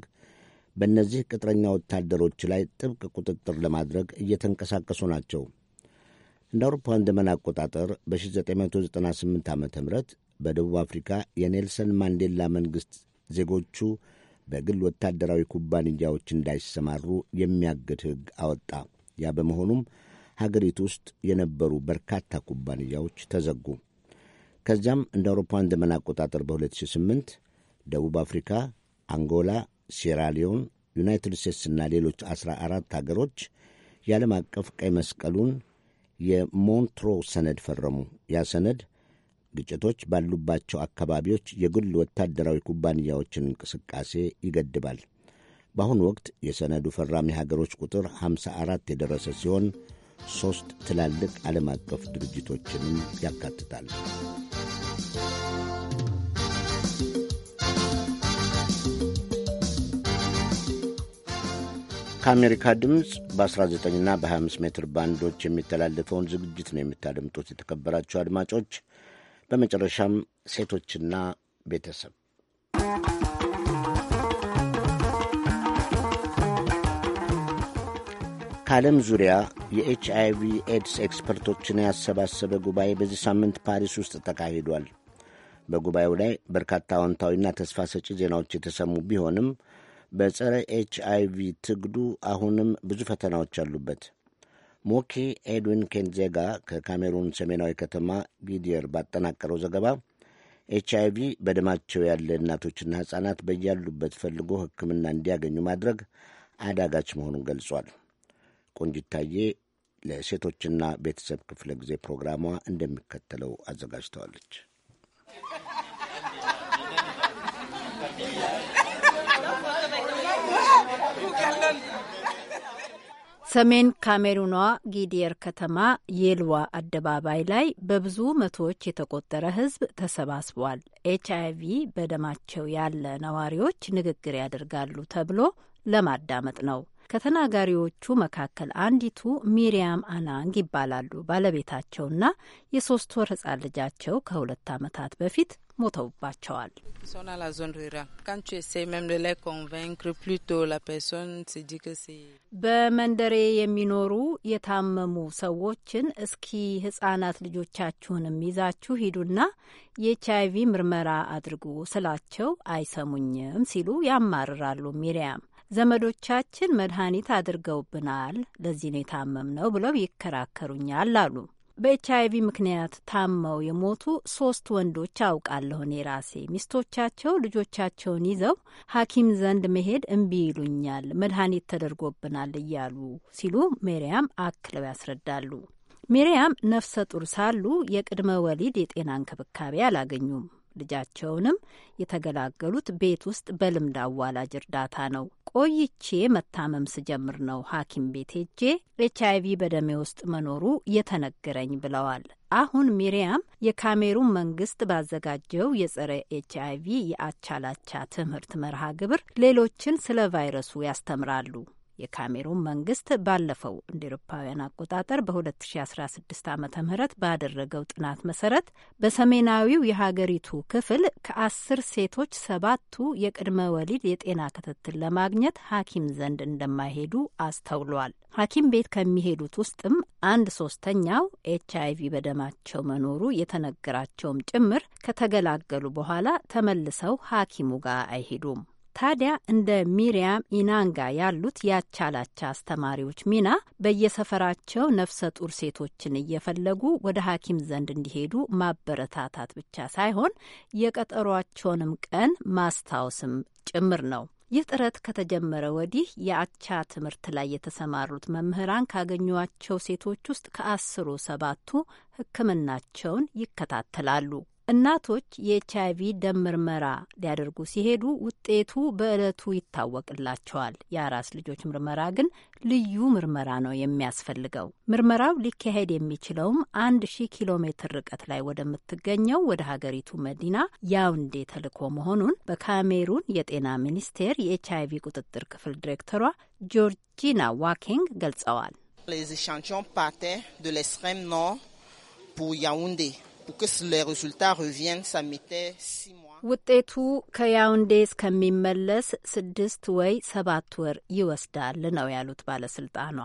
በእነዚህ ቅጥረኛ ወታደሮች ላይ ጥብቅ ቁጥጥር ለማድረግ እየተንቀሳቀሱ ናቸው። እንደ አውሮፓውያን ዘመን አቆጣጠር በ1998 ዓ ም በደቡብ አፍሪካ የኔልሰን ማንዴላ መንግሥት ዜጎቹ በግል ወታደራዊ ኩባንያዎች እንዳይሰማሩ የሚያግድ ሕግ አወጣ። ያ በመሆኑም ሀገሪቱ ውስጥ የነበሩ በርካታ ኩባንያዎች ተዘጉ። ከዚያም እንደ አውሮፓውያን ዘመን አቆጣጠር በ2008 ደቡብ አፍሪካ፣ አንጎላ፣ ሴራሊዮን፣ ዩናይትድ ስቴትስና ሌሎች 14 አገሮች የዓለም አቀፍ ቀይ መስቀሉን የሞንትሮ ሰነድ ፈረሙ። ያ ሰነድ ግጭቶች ባሉባቸው አካባቢዎች የግል ወታደራዊ ኩባንያዎችን እንቅስቃሴ ይገድባል። በአሁኑ ወቅት የሰነዱ ፈራሚ ሀገሮች ቁጥር 54 የደረሰ ሲሆን ሦስት ትላልቅ ዓለም አቀፍ ድርጅቶችንም ያካትታል። ከአሜሪካ ድምፅ በ 19 እና በ25 ሜትር ባንዶች የሚተላለፈውን ዝግጅት ነው የምታደምጡት የተከበራችሁ አድማጮች። በመጨረሻም ሴቶችና ቤተሰብ ከዓለም ዙሪያ የኤች አይቪ ኤድስ ኤክስፐርቶችን ያሰባሰበ ጉባኤ በዚህ ሳምንት ፓሪስ ውስጥ ተካሂዷል። በጉባኤው ላይ በርካታ አዎንታዊና ተስፋ ሰጪ ዜናዎች የተሰሙ ቢሆንም በጸረ ኤች ቪ ትግሉ አሁንም ብዙ ፈተናዎች አሉበት። ሞኪ ኤድዊን ኬንዜጋ ከካሜሩን ሰሜናዊ ከተማ ቪዲየር ባጠናቀረው ዘገባ ኤች ቪ በደማቸው ያለ እናቶችና ሕፃናት በያሉበት ፈልጎ ሕክምና እንዲያገኙ ማድረግ አዳጋች መሆኑን ገልጿል። ቆንጅታዬ ለሴቶችና ቤተሰብ ክፍለ ጊዜ ፕሮግራሟ እንደሚከተለው አዘጋጅተዋለች። ሰሜን ካሜሩኗ ጊዲየር ከተማ የልዋ አደባባይ ላይ በብዙ መቶዎች የተቆጠረ ሕዝብ ተሰባስቧል። ኤች አይቪ በደማቸው ያለ ነዋሪዎች ንግግር ያደርጋሉ ተብሎ ለማዳመጥ ነው። ከተናጋሪዎቹ መካከል አንዲቱ ሚሪያም አናንግ ይባላሉ። ባለቤታቸውና የሶስት ወር ህጻን ልጃቸው ከሁለት ዓመታት በፊት ሞተውባቸዋል። በመንደሬ የሚኖሩ የታመሙ ሰዎችን እስኪ ህጻናት ልጆቻችሁንም ይዛችሁ ሂዱና የኤች አይቪ ምርመራ አድርጉ ስላቸው አይሰሙኝም ሲሉ ያማርራሉ ሚሪያም ዘመዶቻችን መድኃኒት አድርገውብናል፣ ለዚህ ነው የታመምነው ብለው ይከራከሩኛል አሉ። በኤች አይቪ ምክንያት ታመው የሞቱ ሶስት ወንዶች አውቃለሁ እኔ ራሴ። ሚስቶቻቸው ልጆቻቸውን ይዘው ሐኪም ዘንድ መሄድ እምቢ ይሉኛል፣ መድኃኒት ተደርጎብናል እያሉ ሲሉ ሜሪያም አክለው ያስረዳሉ። ሜሪያም ነፍሰ ጡር ሳሉ የቅድመ ወሊድ የጤና እንክብካቤ አላገኙም። ልጃቸውንም የተገላገሉት ቤት ውስጥ በልምድ አዋላጅ እርዳታ ነው። ቆይቼ መታመም ስጀምር ነው ሐኪም ቤት ሄጄ ኤች አይቪ በደሜ ውስጥ መኖሩ የተነገረኝ ብለዋል። አሁን ሚሪያም የካሜሩን መንግስት ባዘጋጀው የጸረ ኤች አይቪ የአቻላቻ ትምህርት መርሃ ግብር ሌሎችን ስለ ቫይረሱ ያስተምራሉ። የካሜሩን መንግስት ባለፈው እንደ ኤሮፓውያን አቆጣጠር በ2016 ዓ ም ባደረገው ጥናት መሰረት በሰሜናዊው የሀገሪቱ ክፍል ከአስር ሴቶች ሰባቱ የቅድመ ወሊድ የጤና ክትትል ለማግኘት ሐኪም ዘንድ እንደማይሄዱ አስተውሏል። ሐኪም ቤት ከሚሄዱት ውስጥም አንድ ሶስተኛው ኤች አይቪ በደማቸው መኖሩ የተነገራቸውም ጭምር ከተገላገሉ በኋላ ተመልሰው ሐኪሙ ጋር አይሄዱም። ታዲያ እንደ ሚሪያም ኢናንጋ ያሉት ያቻላቻ አስተማሪዎች ሚና በየሰፈራቸው ነፍሰ ጡር ሴቶችን እየፈለጉ ወደ ሐኪም ዘንድ እንዲሄዱ ማበረታታት ብቻ ሳይሆን የቀጠሯቸውንም ቀን ማስታወስም ጭምር ነው። ይህ ጥረት ከተጀመረ ወዲህ የአቻ ትምህርት ላይ የተሰማሩት መምህራን ካገኟቸው ሴቶች ውስጥ ከአስሩ ሰባቱ ሕክምናቸውን ይከታተላሉ። እናቶች የኤች አይቪ ደም ምርመራ ሊያደርጉ ሲሄዱ ውጤቱ በዕለቱ ይታወቅላቸዋል። የአራስ ልጆች ምርመራ ግን ልዩ ምርመራ ነው የሚያስፈልገው። ምርመራው ሊካሄድ የሚችለውም አንድ ሺህ ኪሎ ሜትር ርቀት ላይ ወደምትገኘው ወደ ሀገሪቱ መዲና ያውንዴ ተልኮ መሆኑን በካሜሩን የጤና ሚኒስቴር የኤች አይቪ ቁጥጥር ክፍል ዲሬክተሯ ጆርጂና ዋኪንግ ገልጸዋል። Les échantillons partaient pour que les résultats reviennent, ça mettait six mois. ውጤቱ ከያውንዴ እስከሚመለስ ስድስት ወይ ሰባት ወር ይወስዳል ነው ያሉት ባለስልጣኗ።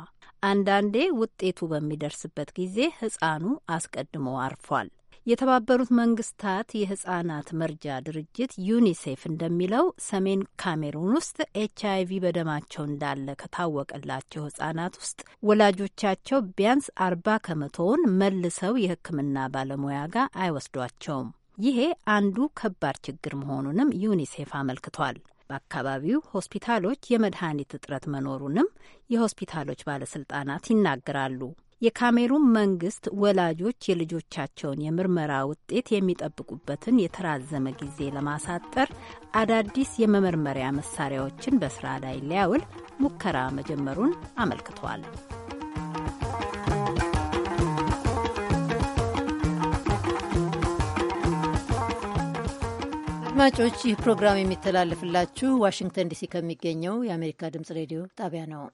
አንዳንዴ ውጤቱ በሚደርስበት ጊዜ ህጻኑ አስቀድሞ አርፏል። የተባበሩት መንግስታት የህጻናት መርጃ ድርጅት ዩኒሴፍ እንደሚለው ሰሜን ካሜሩን ውስጥ ኤች አይ ቪ በደማቸው እንዳለ ከታወቀላቸው ህጻናት ውስጥ ወላጆቻቸው ቢያንስ አርባ ከመቶውን መልሰው የህክምና ባለሙያ ጋር አይወስዷቸውም። ይሄ አንዱ ከባድ ችግር መሆኑንም ዩኒሴፍ አመልክቷል። በአካባቢው ሆስፒታሎች የመድኃኒት እጥረት መኖሩንም የሆስፒታሎች ባለስልጣናት ይናገራሉ። የካሜሩን መንግስት ወላጆች የልጆቻቸውን የምርመራ ውጤት የሚጠብቁበትን የተራዘመ ጊዜ ለማሳጠር አዳዲስ የመመርመሪያ መሳሪያዎችን በስራ ላይ ሊያውል ሙከራ መጀመሩን አመልክቷል። አድማጮች ይህ ፕሮግራም የሚተላለፍላችሁ ዋሽንግተን ዲሲ ከሚገኘው የአሜሪካ ድምጽ ሬዲዮ ጣቢያ ነው።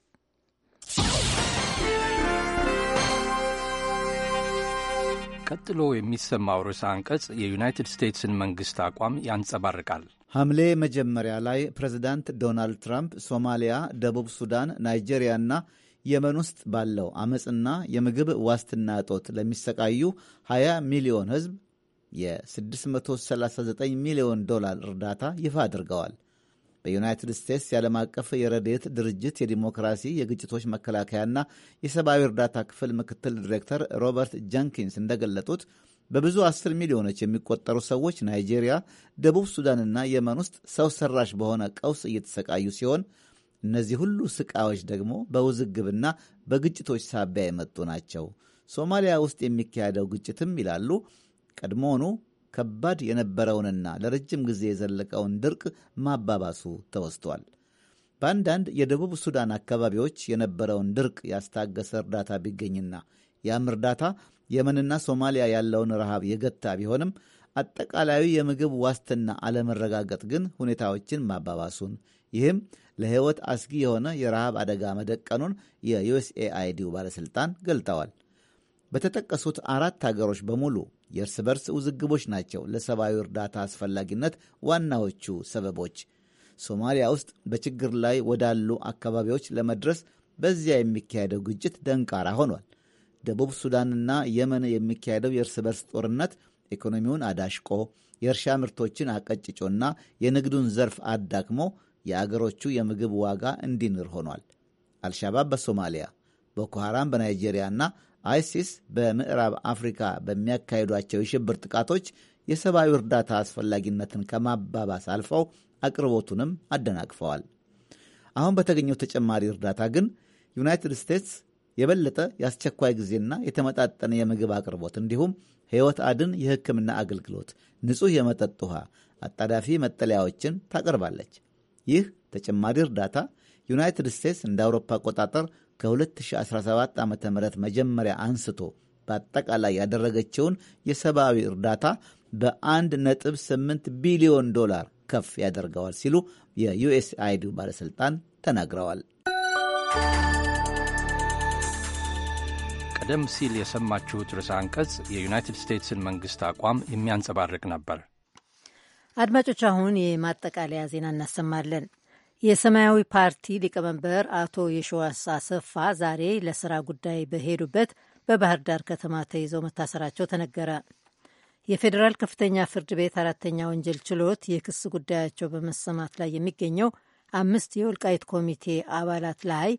ቀጥሎ የሚሰማው ርዕሰ አንቀጽ የዩናይትድ ስቴትስን መንግሥት አቋም ያንጸባርቃል። ሐምሌ መጀመሪያ ላይ ፕሬዚዳንት ዶናልድ ትራምፕ ሶማሊያ፣ ደቡብ ሱዳን፣ ናይጄሪያና የመን ውስጥ ባለው አመፅና የምግብ ዋስትና እጦት ለሚሰቃዩ 20 ሚሊዮን ሕዝብ የ639 ሚሊዮን ዶላር እርዳታ ይፋ አድርገዋል። በዩናይትድ ስቴትስ የዓለም አቀፍ የረድኤት ድርጅት የዲሞክራሲ የግጭቶች መከላከያና የሰብአዊ እርዳታ ክፍል ምክትል ዲሬክተር ሮበርት ጀንኪንስ እንደገለጡት በብዙ አስር ሚሊዮኖች የሚቆጠሩ ሰዎች ናይጄሪያ፣ ደቡብ ሱዳንና የመን ውስጥ ሰው ሰራሽ በሆነ ቀውስ እየተሰቃዩ ሲሆን እነዚህ ሁሉ ስቃዎች ደግሞ በውዝግብና በግጭቶች ሳቢያ የመጡ ናቸው። ሶማሊያ ውስጥ የሚካሄደው ግጭትም ይላሉ ቀድሞውኑ ከባድ የነበረውንና ለረጅም ጊዜ የዘለቀውን ድርቅ ማባባሱ ተወስቷል። በአንዳንድ የደቡብ ሱዳን አካባቢዎች የነበረውን ድርቅ ያስታገሰ እርዳታ ቢገኝና ያም እርዳታ የመንና ሶማሊያ ያለውን ረሃብ የገታ ቢሆንም አጠቃላዩ የምግብ ዋስትና አለመረጋገጥ ግን ሁኔታዎችን ማባባሱን ይህም ለሕይወት አስጊ የሆነ የረሃብ አደጋ መደቀኑን የዩኤስኤአይዲው ባለሥልጣን ገልጠዋል። በተጠቀሱት አራት አገሮች በሙሉ የእርስ በርስ ውዝግቦች ናቸው ለሰብአዊ እርዳታ አስፈላጊነት ዋናዎቹ ሰበቦች። ሶማሊያ ውስጥ በችግር ላይ ወዳሉ አካባቢዎች ለመድረስ በዚያ የሚካሄደው ግጭት ደንቃራ ሆኗል። ደቡብ ሱዳንና የመን የሚካሄደው የእርስ በርስ ጦርነት ኢኮኖሚውን አዳሽቆ የእርሻ ምርቶችን አቀጭጮና የንግዱን ዘርፍ አዳክሞ የአገሮቹ የምግብ ዋጋ እንዲንር ሆኗል። አልሻባብ በሶማሊያ ቦኮ ሐራም በናይጄሪያና አይሲስ በምዕራብ አፍሪካ በሚያካሂዷቸው የሽብር ጥቃቶች የሰብአዊ እርዳታ አስፈላጊነትን ከማባባስ አልፈው አቅርቦቱንም አደናቅፈዋል። አሁን በተገኘው ተጨማሪ እርዳታ ግን ዩናይትድ ስቴትስ የበለጠ የአስቸኳይ ጊዜና የተመጣጠነ የምግብ አቅርቦት እንዲሁም ሕይወት አድን የሕክምና አገልግሎት፣ ንጹሕ የመጠጥ ውሃ፣ አጣዳፊ መጠለያዎችን ታቀርባለች። ይህ ተጨማሪ እርዳታ ዩናይትድ ስቴትስ እንደ አውሮፓ አቆጣጠር ከ2017 ዓ ም መጀመሪያ አንስቶ በአጠቃላይ ያደረገችውን የሰብአዊ እርዳታ በ1.8 ቢሊዮን ዶላር ከፍ ያደርገዋል ሲሉ የዩኤስአይዲ ባለሥልጣን ተናግረዋል። ቀደም ሲል የሰማችሁት ርዕሰ አንቀጽ የዩናይትድ ስቴትስን መንግሥት አቋም የሚያንጸባርቅ ነበር። አድማጮች፣ አሁን የማጠቃለያ ዜና እናሰማለን። የሰማያዊ ፓርቲ ሊቀመንበር አቶ የሸዋስ አሰፋ ዛሬ ለስራ ጉዳይ በሄዱበት በባህር ዳር ከተማ ተይዘው መታሰራቸው ተነገረ። የፌዴራል ከፍተኛ ፍርድ ቤት አራተኛ ወንጀል ችሎት የክስ ጉዳያቸው በመሰማት ላይ የሚገኘው አምስት የወልቃይት ኮሚቴ አባላት ላይ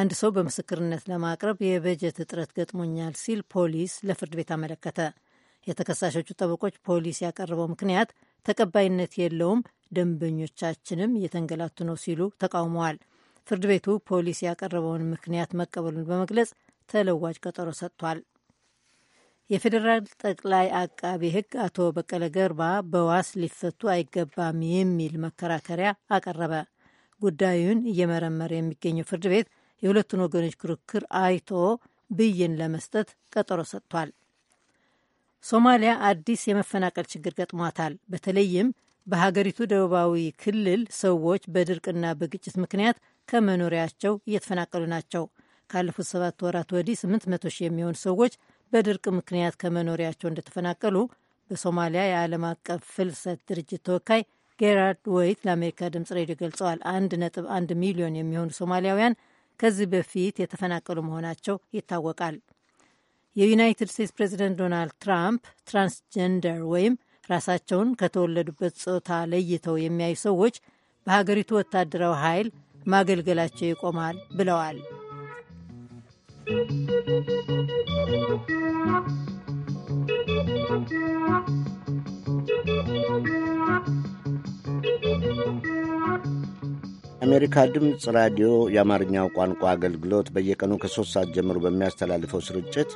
አንድ ሰው በምስክርነት ለማቅረብ የበጀት እጥረት ገጥሞኛል ሲል ፖሊስ ለፍርድ ቤት አመለከተ። የተከሳሾቹ ጠበቆች ፖሊስ ያቀረበው ምክንያት ተቀባይነት የለውም፣ ደንበኞቻችንም እየተንገላቱ ነው ሲሉ ተቃውመዋል። ፍርድ ቤቱ ፖሊስ ያቀረበውን ምክንያት መቀበሉን በመግለጽ ተለዋጭ ቀጠሮ ሰጥቷል። የፌዴራል ጠቅላይ አቃቢ ሕግ አቶ በቀለ ገርባ በዋስ ሊፈቱ አይገባም የሚል መከራከሪያ አቀረበ። ጉዳዩን እየመረመረ የሚገኘው ፍርድ ቤት የሁለቱን ወገኖች ክርክር አይቶ ብይን ለመስጠት ቀጠሮ ሰጥቷል። ሶማሊያ አዲስ የመፈናቀል ችግር ገጥሟታል። በተለይም በሀገሪቱ ደቡባዊ ክልል ሰዎች በድርቅና በግጭት ምክንያት ከመኖሪያቸው እየተፈናቀሉ ናቸው። ካለፉት ሰባት ወራት ወዲህ 800 ሺህ የሚሆኑ ሰዎች በድርቅ ምክንያት ከመኖሪያቸው እንደተፈናቀሉ በሶማሊያ የዓለም አቀፍ ፍልሰት ድርጅት ተወካይ ጌራርድ ወይት ለአሜሪካ ድምፅ ሬዲዮ ገልጸዋል። አንድ ነጥብ አንድ ሚሊዮን የሚሆኑ ሶማሊያውያን ከዚህ በፊት የተፈናቀሉ መሆናቸው ይታወቃል። የዩናይትድ ስቴትስ ፕሬዚደንት ዶናልድ ትራምፕ ትራንስጀንደር ወይም ራሳቸውን ከተወለዱበት ጾታ ለይተው የሚያዩ ሰዎች በሀገሪቱ ወታደራዊ ኃይል ማገልገላቸው ይቆማል ብለዋል። Thank you. የአሜሪካ ድምፅ ራዲዮ የአማርኛው ቋንቋ አገልግሎት በየቀኑ ከሦስት ሰዓት ጀምሮ በሚያስተላልፈው ስርጭት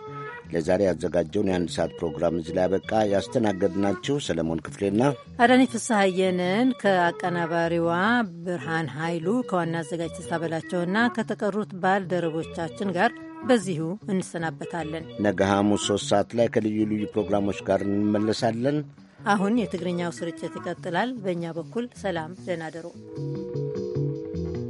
ለዛሬ ያዘጋጀውን የአንድ ሰዓት ፕሮግራም እዚህ ላይ ያበቃ። ያስተናገድናችሁ ሰለሞን ክፍሌና አዳኒ ፍስሐየንን ከአቀናባሪዋ ብርሃን ኃይሉ ከዋና አዘጋጅ ተስታበላቸውና ከተቀሩት ባልደረቦቻችን ጋር በዚሁ እንሰናበታለን። ነገ ሐሙስ ሶስት ሰዓት ላይ ከልዩ ልዩ ፕሮግራሞች ጋር እንመለሳለን። አሁን የትግርኛው ስርጭት ይቀጥላል። በእኛ በኩል ሰላም፣ ደህና